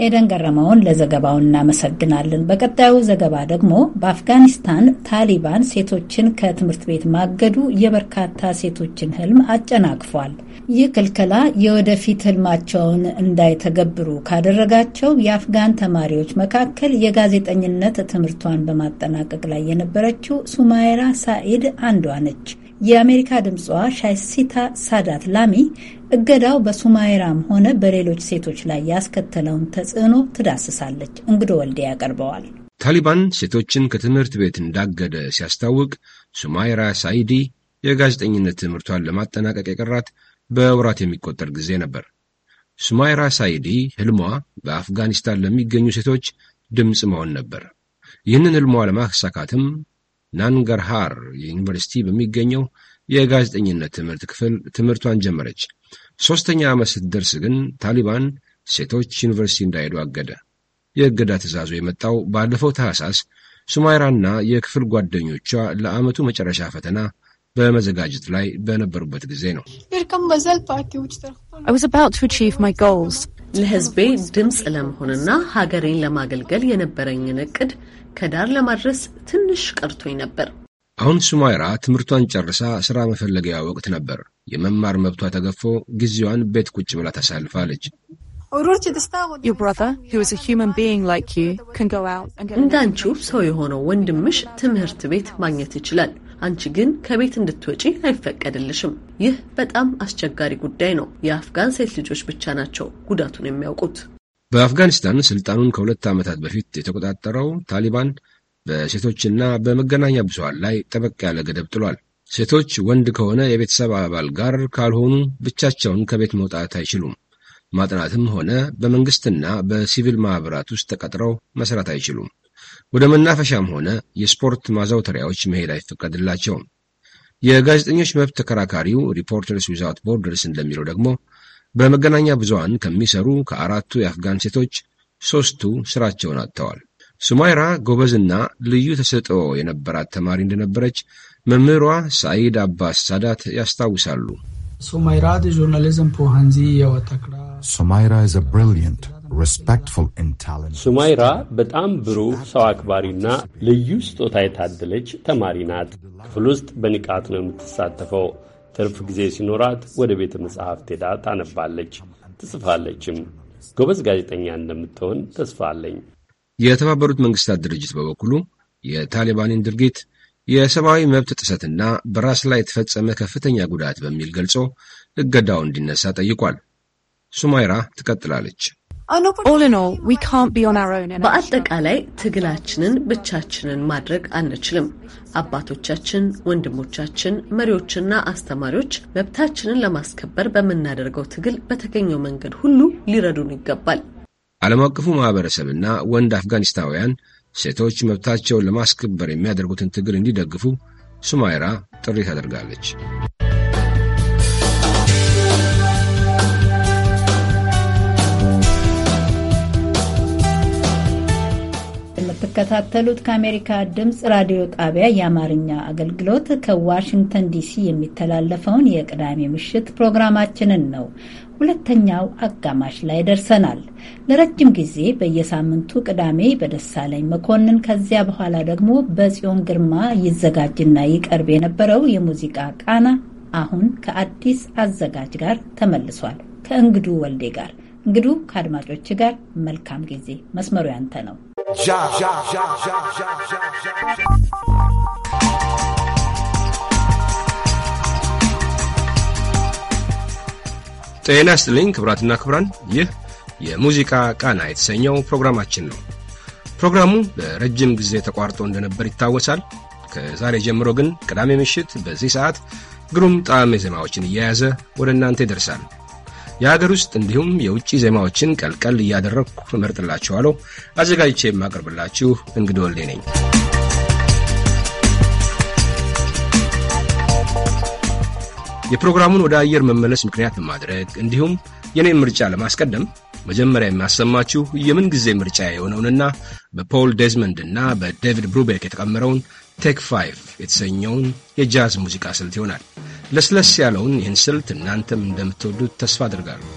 ኤደን ገረመውን ለዘገባው እናመሰግናለን። በቀጣዩ ዘገባ ደግሞ በአፍጋኒስታን ታሊባን ሴቶችን ከትምህርት ቤት ማገዱ የበርካታ ሴቶችን ህልም አጨናቅፏል። ይህ ክልከላ የወደፊት ህልማቸውን እንዳይተገብሩ ካደረጋቸው የአፍጋን ተማሪዎች መካከል የጋዜጠኝነት ትምህርቷን በማጠናቀቅ ላይ የነበረችው ሱማይራ ሳኢድ አንዷ ነች። የአሜሪካ ድምጿ ሻይሲታ ሳዳት ላሚ እገዳው በሱማይራም ሆነ በሌሎች ሴቶች ላይ ያስከተለውን ተጽዕኖ ትዳስሳለች። እንግዶ ወልዴ ያቀርበዋል። ታሊባን ሴቶችን ከትምህርት ቤት እንዳገደ ሲያስታውቅ ሱማይራ ሳይዲ የጋዜጠኝነት ትምህርቷን ለማጠናቀቅ የቀራት በወራት የሚቆጠር ጊዜ ነበር። ሱማይራ ሳይዲ ህልሟ በአፍጋኒስታን ለሚገኙ ሴቶች ድምፅ መሆን ነበር። ይህንን ህልሟ ለማሳካትም ናንገርሃር ዩኒቨርሲቲ በሚገኘው የጋዜጠኝነት ትምህርት ክፍል ትምህርቷን ጀመረች። ሦስተኛ ዓመት ስትደርስ ግን ታሊባን ሴቶች ዩኒቨርሲቲ እንዳይሄዱ አገደ። የእገዳ ትእዛዙ የመጣው ባለፈው ታህሳስ ሱማይራና የክፍል ጓደኞቿ ለዓመቱ መጨረሻ ፈተና በመዘጋጀት ላይ በነበሩበት ጊዜ ነው። ለህዝቤ ድምፅ ለመሆንና ሀገሬን ለማገልገል የነበረኝን እቅድ ከዳር ለማድረስ ትንሽ ቀርቶኝ ነበር። አሁን ሱማይራ ትምህርቷን ጨርሳ ሥራ መፈለጊያ ወቅት ነበር። የመማር መብቷ ተገፎ ጊዜዋን ቤት ቁጭ ብላ ታሳልፋለች። እንዳንቺው ሰው የሆነው ወንድምሽ ትምህርት ቤት ማግኘት ይችላል። አንቺ ግን ከቤት እንድትወጪ አይፈቀድልሽም። ይህ በጣም አስቸጋሪ ጉዳይ ነው። የአፍጋን ሴት ልጆች ብቻ ናቸው ጉዳቱን የሚያውቁት። በአፍጋኒስታን ስልጣኑን ከሁለት ዓመታት በፊት የተቆጣጠረው ታሊባን በሴቶችና በመገናኛ ብዙሃን ላይ ጠበቅ ያለ ገደብ ጥሏል። ሴቶች ወንድ ከሆነ የቤተሰብ አባል ጋር ካልሆኑ ብቻቸውን ከቤት መውጣት አይችሉም። ማጥናትም ሆነ በመንግስትና በሲቪል ማኅበራት ውስጥ ተቀጥረው መስራት አይችሉም። ወደ መናፈሻም ሆነ የስፖርት ማዘውተሪያዎች መሄድ አይፈቀድላቸውም። የጋዜጠኞች መብት ተከራካሪው ሪፖርተርስ ዊዛውት ቦርደርስ እንደሚለው ደግሞ በመገናኛ ብዙሃን ከሚሰሩ ከአራቱ የአፍጋን ሴቶች ሦስቱ ሥራቸውን አጥተዋል። ሱማይራ ጎበዝና ልዩ ተሰጥኦ የነበራት ተማሪ እንደነበረች መምህሯ ሳኢድ አባስ ሳዳት ያስታውሳሉ። ሱማይራ ሱማይራ ሱማይራ በጣም ብሩህ ሰው አክባሪና ልዩ ስጦታ የታደለች ተማሪ ናት። ክፍል ውስጥ በንቃት ነው የምትሳተፈው። ትርፍ ጊዜ ሲኖራት ወደ ቤተ መጽሐፍት ሄዳ ታነባለች፣ ትጽፋለችም። ጎበዝ ጋዜጠኛ እንደምትሆን ተስፋ አለኝ። የተባበሩት መንግስታት ድርጅት በበኩሉ የታሊባንን ድርጊት የሰብአዊ መብት ጥሰትና በራስ ላይ የተፈጸመ ከፍተኛ ጉዳት በሚል ገልጾ እገዳው እንዲነሳ ጠይቋል። ሱማይራ ትቀጥላለች። በአጠቃላይ ትግላችንን ብቻችንን ማድረግ አንችልም። አባቶቻችን፣ ወንድሞቻችን፣ መሪዎችና አስተማሪዎች መብታችንን ለማስከበር በምናደርገው ትግል በተገኘው መንገድ ሁሉ ሊረዱን ይገባል። ዓለም አቀፉ ማህበረሰብና ወንድ አፍጋኒስታውያን ሴቶች መብታቸውን ለማስከበር የሚያደርጉትን ትግል እንዲደግፉ ሱማይራ ጥሪ ታደርጋለች። የምትከታተሉት ከአሜሪካ ድምፅ ራዲዮ ጣቢያ የአማርኛ አገልግሎት ከዋሽንግተን ዲሲ የሚተላለፈውን የቅዳሜ ምሽት ፕሮግራማችንን ነው። ሁለተኛው አጋማሽ ላይ ደርሰናል። ለረጅም ጊዜ በየሳምንቱ ቅዳሜ በደሳለኝ መኮንን ከዚያ በኋላ ደግሞ በጽዮን ግርማ ይዘጋጅና ይቀርብ የነበረው የሙዚቃ ቃና አሁን ከአዲስ አዘጋጅ ጋር ተመልሷል። ከእንግዱ ወልዴ ጋር እንግዱ፣ ከአድማጮች ጋር መልካም ጊዜ። መስመሩ ያንተ ነው። já, já, já, já, já, já, já. ጤና ይስጥልኝ ክብራትና ክብራን፣ ይህ የሙዚቃ ቃና የተሰኘው ፕሮግራማችን ነው። ፕሮግራሙ ለረጅም ጊዜ ተቋርጦ እንደነበር ይታወሳል። ከዛሬ ጀምሮ ግን ቅዳሜ ምሽት በዚህ ሰዓት ግሩም ጣዕመ የዜማዎችን እየያዘ ወደ እናንተ ይደርሳል። የሀገር ውስጥ እንዲሁም የውጭ ዜማዎችን ቀልቀል እያደረግኩ እመርጥላችኋለሁ። አዘጋጅቼ የማቀርብላችሁ እንግዲ ወልዴ ነኝ። የፕሮግራሙን ወደ አየር መመለስ ምክንያት በማድረግ እንዲሁም የኔን ምርጫ ለማስቀደም መጀመሪያ የማሰማችሁ የምንጊዜ ምርጫ የሆነውንና በፖል ዴዝመንድ እና በዴቪድ ብሩቤክ የተቀመረውን ቴክ ፋይቭ የተሰኘውን የጃዝ ሙዚቃ ስልት ይሆናል። ለስለስ ያለውን ይህን ስልት እናንተም እንደምትወዱት ተስፋ አድርጋለሁ።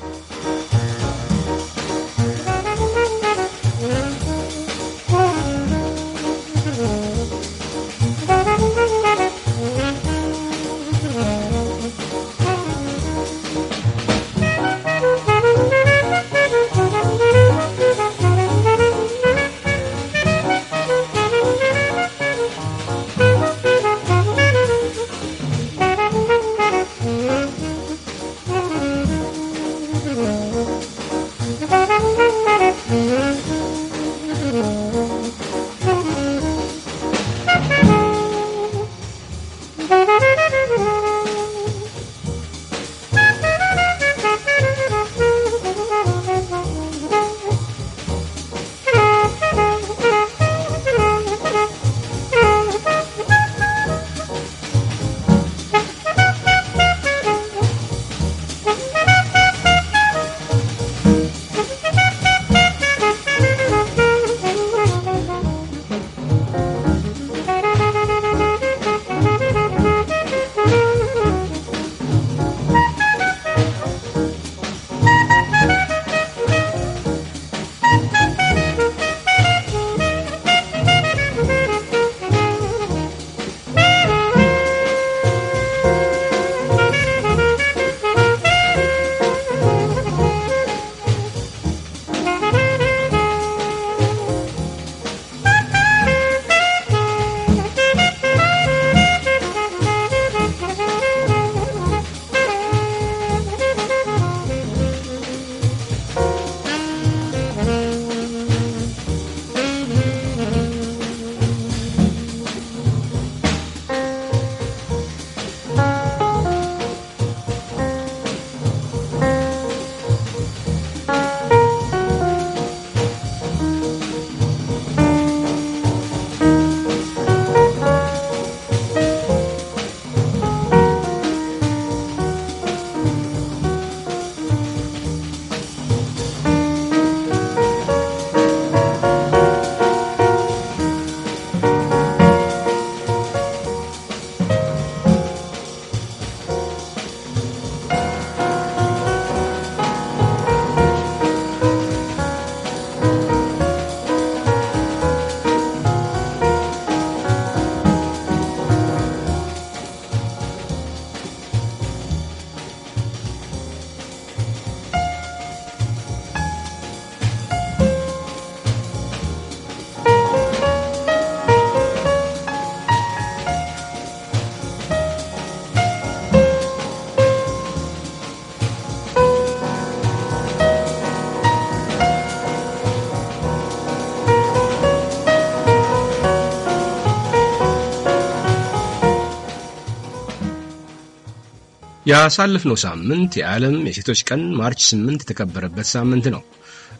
ያሳለፍነው ሳምንት የዓለም የሴቶች ቀን ማርች 8 የተከበረበት ሳምንት ነው።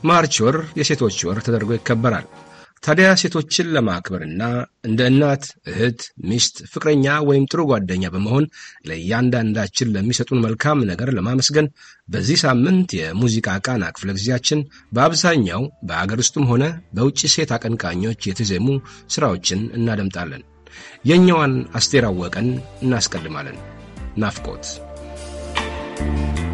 ማርች ወር የሴቶች ወር ተደርጎ ይከበራል። ታዲያ ሴቶችን ለማክበርና እንደ እናት፣ እህት፣ ሚስት፣ ፍቅረኛ ወይም ጥሩ ጓደኛ በመሆን ለእያንዳንዳችን ለሚሰጡን መልካም ነገር ለማመስገን በዚህ ሳምንት የሙዚቃ ቃና ክፍለ ጊዜያችን በአብዛኛው በአገር ውስጥም ሆነ በውጭ ሴት አቀንቃኞች የተዜሙ ሥራዎችን እናደምጣለን። የእኛዋን አስቴር አወቀን እናስቀድማለን። ናፍቆት you.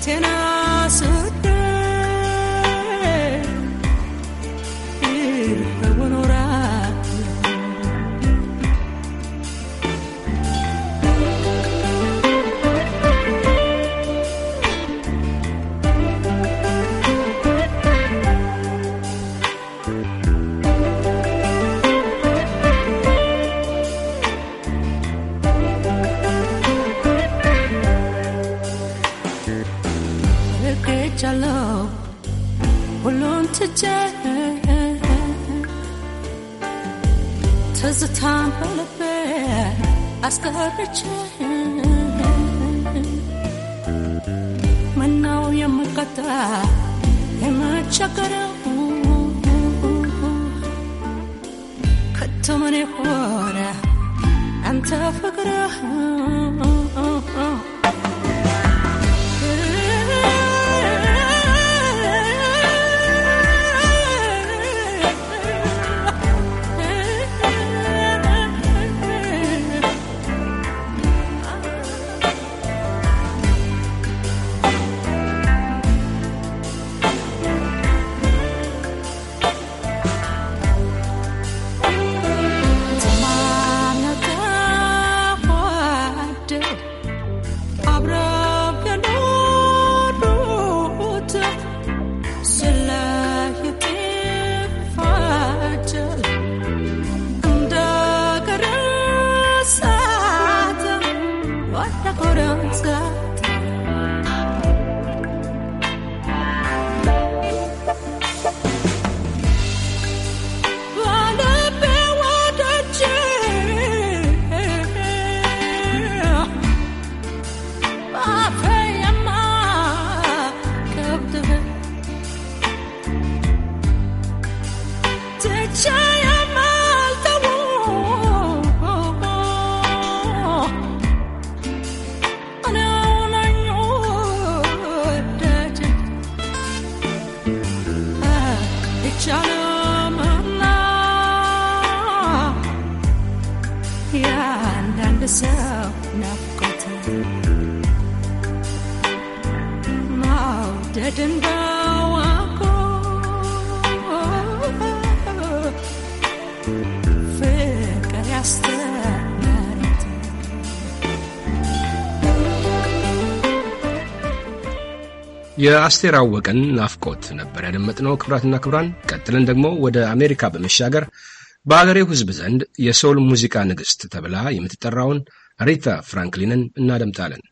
Tenor. የአስቴር አወቀን ናፍቆት ነበር ያደመጥነው። ክብራትና ክብራን ቀጥለን ደግሞ ወደ አሜሪካ በመሻገር በአገሬው ሕዝብ ዘንድ የሶል ሙዚቃ ንግሥት ተብላ የምትጠራውን ሪታ ፍራንክሊንን እናደምጣለን።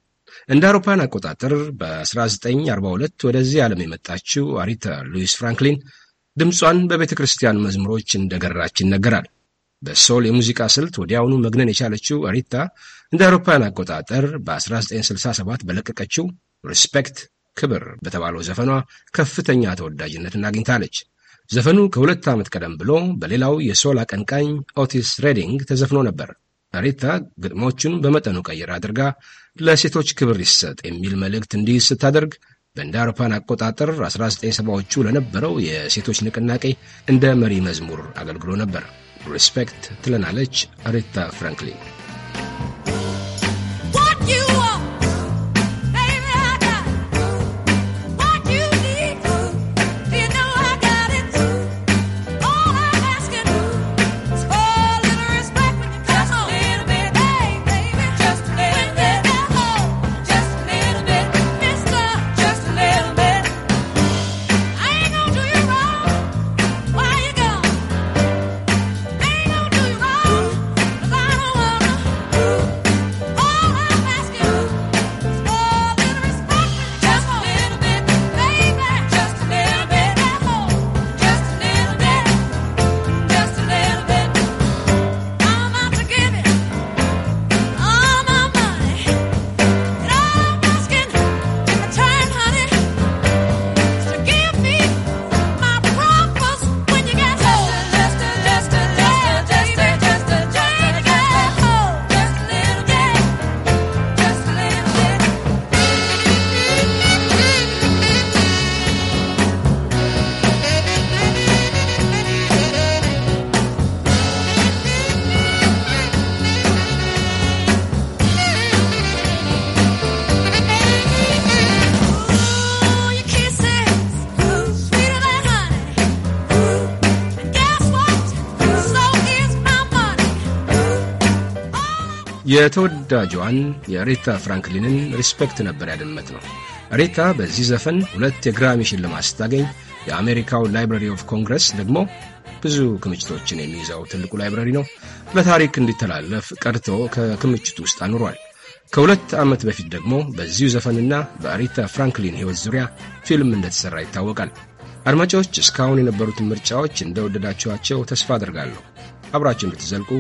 እንደ አውሮፓን አቆጣጠር በ1942 ወደዚህ ዓለም የመጣችው አሪታ ሉዊስ ፍራንክሊን ድምጿን በቤተ ክርስቲያን መዝሙሮች እንደገራች ይነገራል። በሶል የሙዚቃ ስልት ወዲያውኑ መግነን የቻለችው አሪታ እንደ አውሮፓን አቆጣጠር በ1967 በለቀቀችው ሪስፔክት ክብር በተባለው ዘፈኗ ከፍተኛ ተወዳጅነትን አግኝታለች። ዘፈኑ ከሁለት ዓመት ቀደም ብሎ በሌላው የሶል አቀንቃኝ ኦቲስ ሬዲንግ ተዘፍኖ ነበር። አሬታ ግጥሞቹን በመጠኑ ቀይር አድርጋ ለሴቶች ክብር ይሰጥ የሚል መልእክት እንዲህ ስታደርግ በእንደ አውሮፓን አቆጣጠር 1970ዎቹ ለነበረው የሴቶች ንቅናቄ እንደ መሪ መዝሙር አገልግሎ ነበር። ሪስፔክት ትለናለች አሬታ ፍራንክሊን። የተወዳጇን የአሬታ ፍራንክሊንን ሪስፔክት ነበር ያደመጥ ነው። አሬታ በዚህ ዘፈን ሁለት የግራሚ ሽልማት ስታገኝ የአሜሪካው ላይብራሪ ኦፍ ኮንግረስ ደግሞ ብዙ ክምችቶችን የሚይዘው ትልቁ ላይብራሪ ነው፣ በታሪክ እንዲተላለፍ ቀርቶ ከክምችቱ ውስጥ አኑሯል። ከሁለት ዓመት በፊት ደግሞ በዚሁ ዘፈንና በአሪታ ፍራንክሊን ሕይወት ዙሪያ ፊልም እንደተሠራ ይታወቃል። አድማጮች እስካሁን የነበሩትን ምርጫዎች እንደወደዳችኋቸው ተስፋ አድርጋለሁ። አብራችሁ እንድትዘልቁ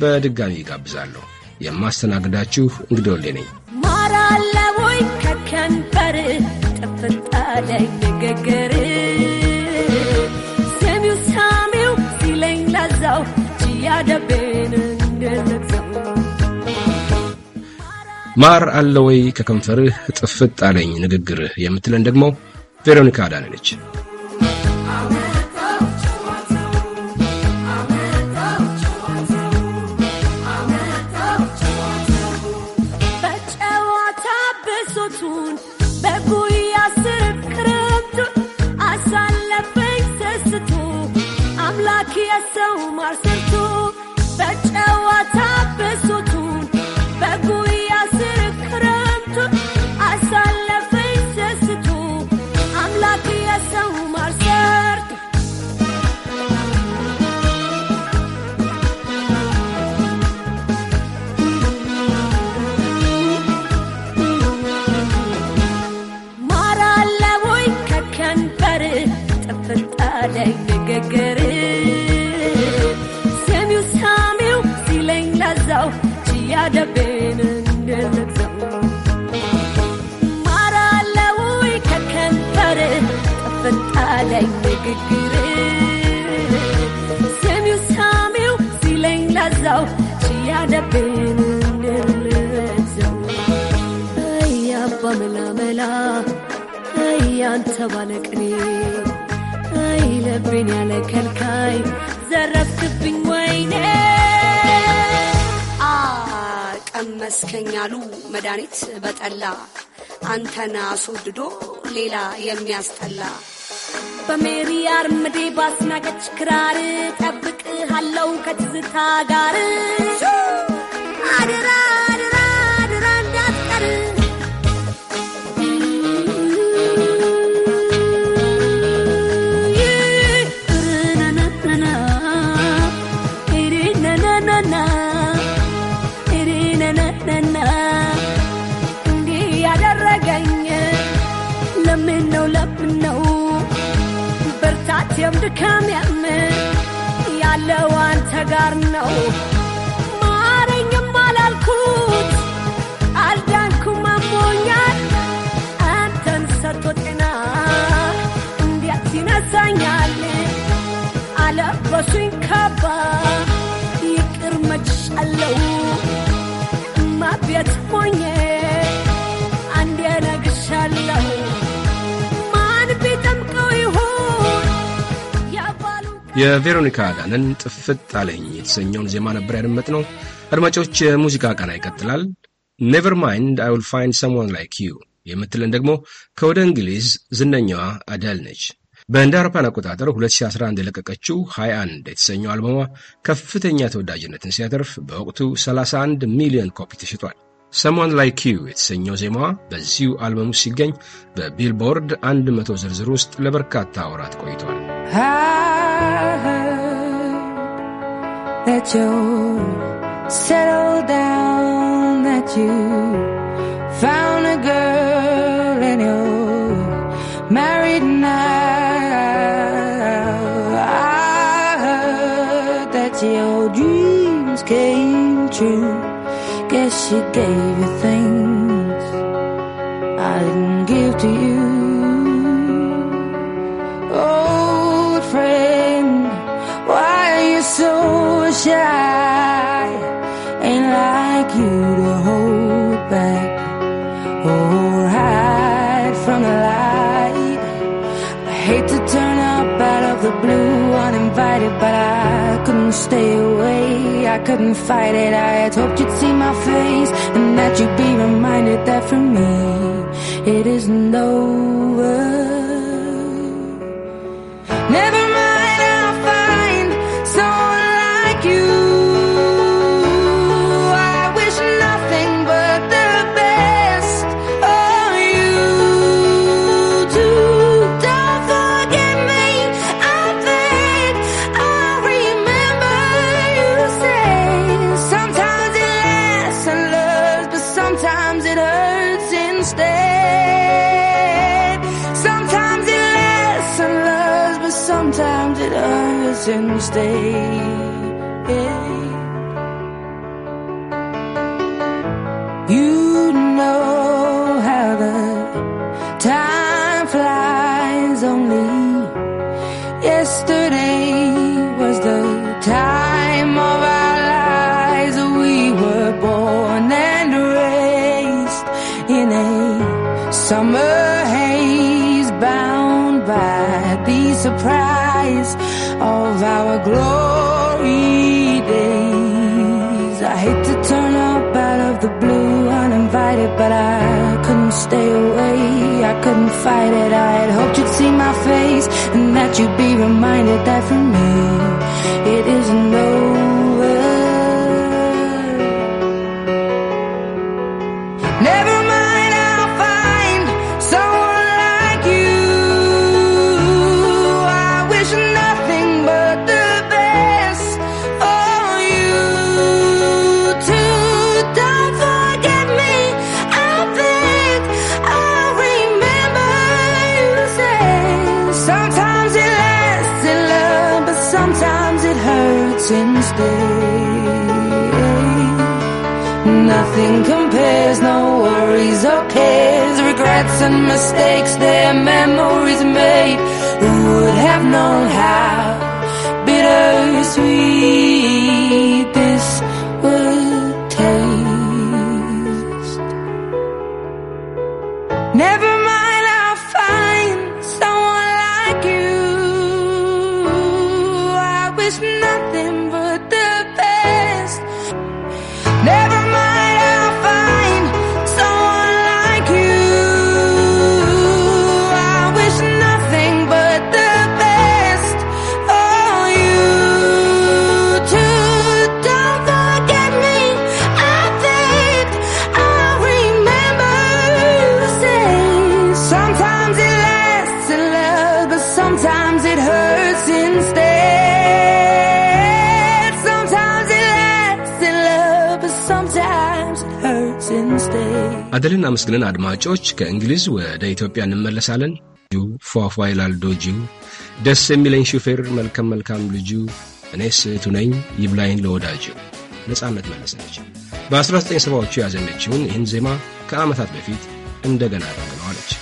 በድጋሚ ይጋብዛለሁ። የማስተናግዳችሁ እንግዳ ወልዴ ነኝ። ማራለቦይ ከከንፈር ጥፍጣለ ንግግር ሰሚው ሳሚው ሲለኝ ላዛው ችያደቤን እንደዘግዘው ማር አለ ወይ ከከንፈርህ ጥፍጥ አለኝ ንግግርህ የምትለን ደግሞ ቬሮኒካ አዳነነች። ልናገር ሰሚው ሳሚው ሲለኝ ለዛው ችያደቤን እንድንግዘው ማራለውይ ከከንፈር ጠፍጣለኝ ንግግር ሰሚው ሳሚው ልቤን ያለ ከልካይ ዘረፍክብኝ ወይኔ ቀመስከኝ አሉ መድኃኒት በጠላ አንተን አስወድዶ ሌላ የሚያስጠላ በሜሪ አርምዴ ባስናቀች ክራር ጠብቅ ጠብቅሃለው ከትዝታ ጋር አድራ ሁሌም ድካም ያም ያለው አንተ ጋር ነው። ማረኝም አላልኩት አልዳንኩም፣ አሞኛል አንተን ሰጥቶ ጤና እንዴት ይነሳኛል? አለበሱኝ ካባ ይቅር መችሻለው እማ ቤት ሞኜ የቬሮኒካ አዳነን ጥፍት አለኝ የተሰኘውን ዜማ ነበር ነው። አድማጮች፣ የሙዚቃ ቀና ይቀጥላል። ኔቨር ማይንድ አይ ዊል ፋይንድ ሰምዋን ላይክ ዩ የምትለን ደግሞ ከወደ እንግሊዝ ዝነኛዋ አደል ነች። በእንደ አውሮፓን አቆጣጠር 2011 የለቀቀችው 21 የተሰኘው አልበሟ ከፍተኛ ተወዳጅነትን ሲያተርፍ በወቅቱ 31 ሚሊዮን ኮፒ ተሽጧል። ሰሞን ላይክ ዩ የተሰኘው ዜማዋ በዚሁ አልበሙ ሲገኝ በቢልቦርድ 100 ዝርዝር ውስጥ ለበርካታ ወራት ቆይቷል። heard that you settled down, that you found a girl and you're married now. I heard that your dreams came true. Guess she gave you things I ain't like you to hold back or hide from the light. I hate to turn up out of the blue uninvited, but I couldn't stay away. I couldn't fight it. I had hoped you'd see my face and that you'd be reminded that for me it isn't over. and stay. glory days. I hate to turn up out of the blue uninvited, but I couldn't stay away. I couldn't fight it. I had hoped you'd see my face and that you'd be reminded that for me, it isn't. and mistakes their memories made. Who would have known how? አደልን አመስግነን አድማጮች፣ ከእንግሊዝ ወደ ኢትዮጵያ እንመለሳለን። ልጁ ፏፏ ይላል ዶጂው፣ ደስ የሚለኝ ሹፌር፣ መልካም መልካም ልጁ፣ እኔ እህቱ ነኝ ይብላይን ለወዳጅ ነጻነት መለሰ ነች። በ1970ዎቹ ያዘመችውን ይህን ዜማ ከዓመታት በፊት እንደገና አደረግነዋለች።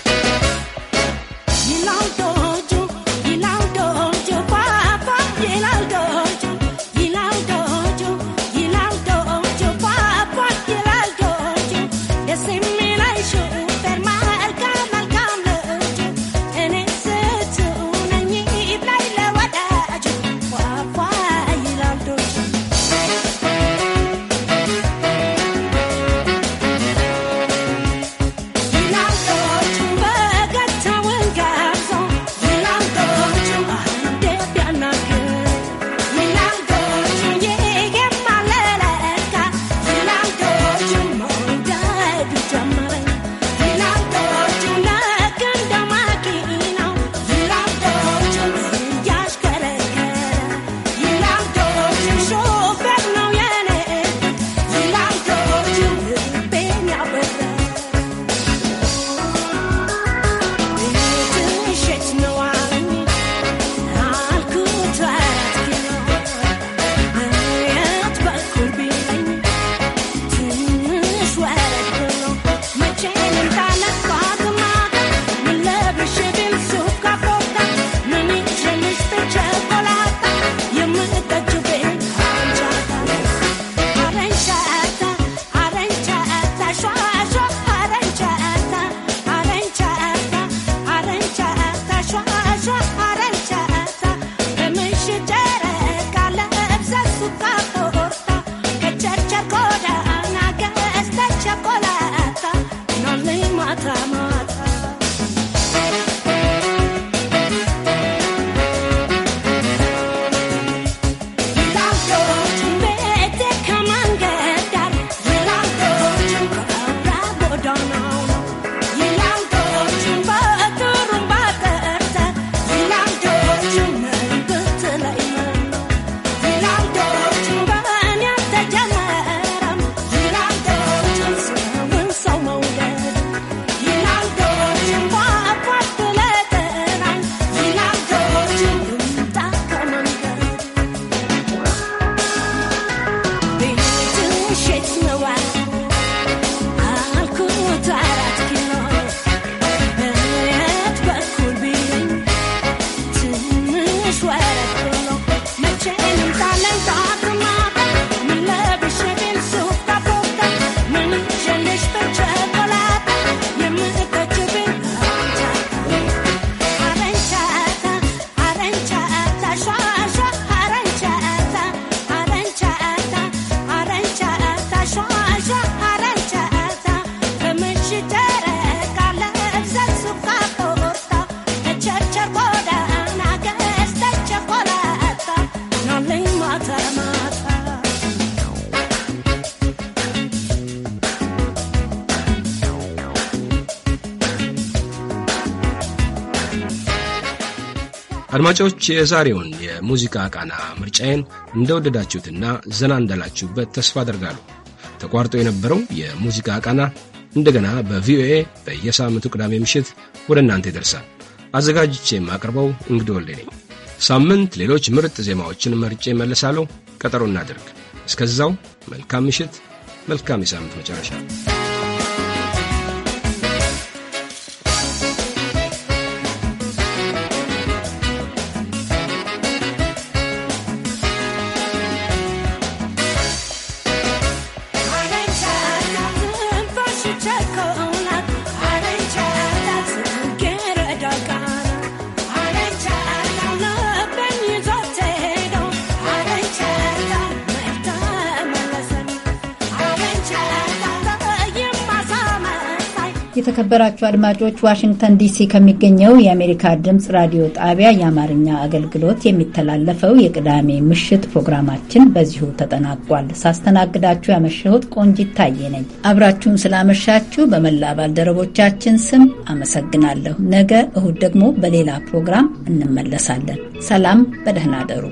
አድማጮች የዛሬውን የሙዚቃ ቃና ምርጫዬን እንደወደዳችሁትና ዘና እንዳላችሁበት ተስፋ አደርጋለሁ። ተቋርጦ የነበረው የሙዚቃ ቃና እንደገና በቪኦኤ በየሳምንቱ ቅዳሜ ምሽት ወደ እናንተ ይደርሳል። አዘጋጅቼ የማቀርበው እንግዲህ ወልዴ ነኝ። ሳምንት ሌሎች ምርጥ ዜማዎችን መርጬ መለሳለሁ። ቀጠሮ እናድርግ። እስከዛው መልካም ምሽት፣ መልካም የሳምንት መጨረሻ የተከበራችሁ አድማጮች ዋሽንግተን ዲሲ ከሚገኘው የአሜሪካ ድምፅ ራዲዮ ጣቢያ የአማርኛ አገልግሎት የሚተላለፈው የቅዳሜ ምሽት ፕሮግራማችን በዚሁ ተጠናቋል። ሳስተናግዳችሁ ያመሸሁት ቆንጂት ታዬ ነኝ። አብራችሁን ስላመሻችሁ በመላ ባልደረቦቻችን ስም አመሰግናለሁ። ነገ እሁድ ደግሞ በሌላ ፕሮግራም እንመለሳለን። ሰላም፣ በደህና አደሩ።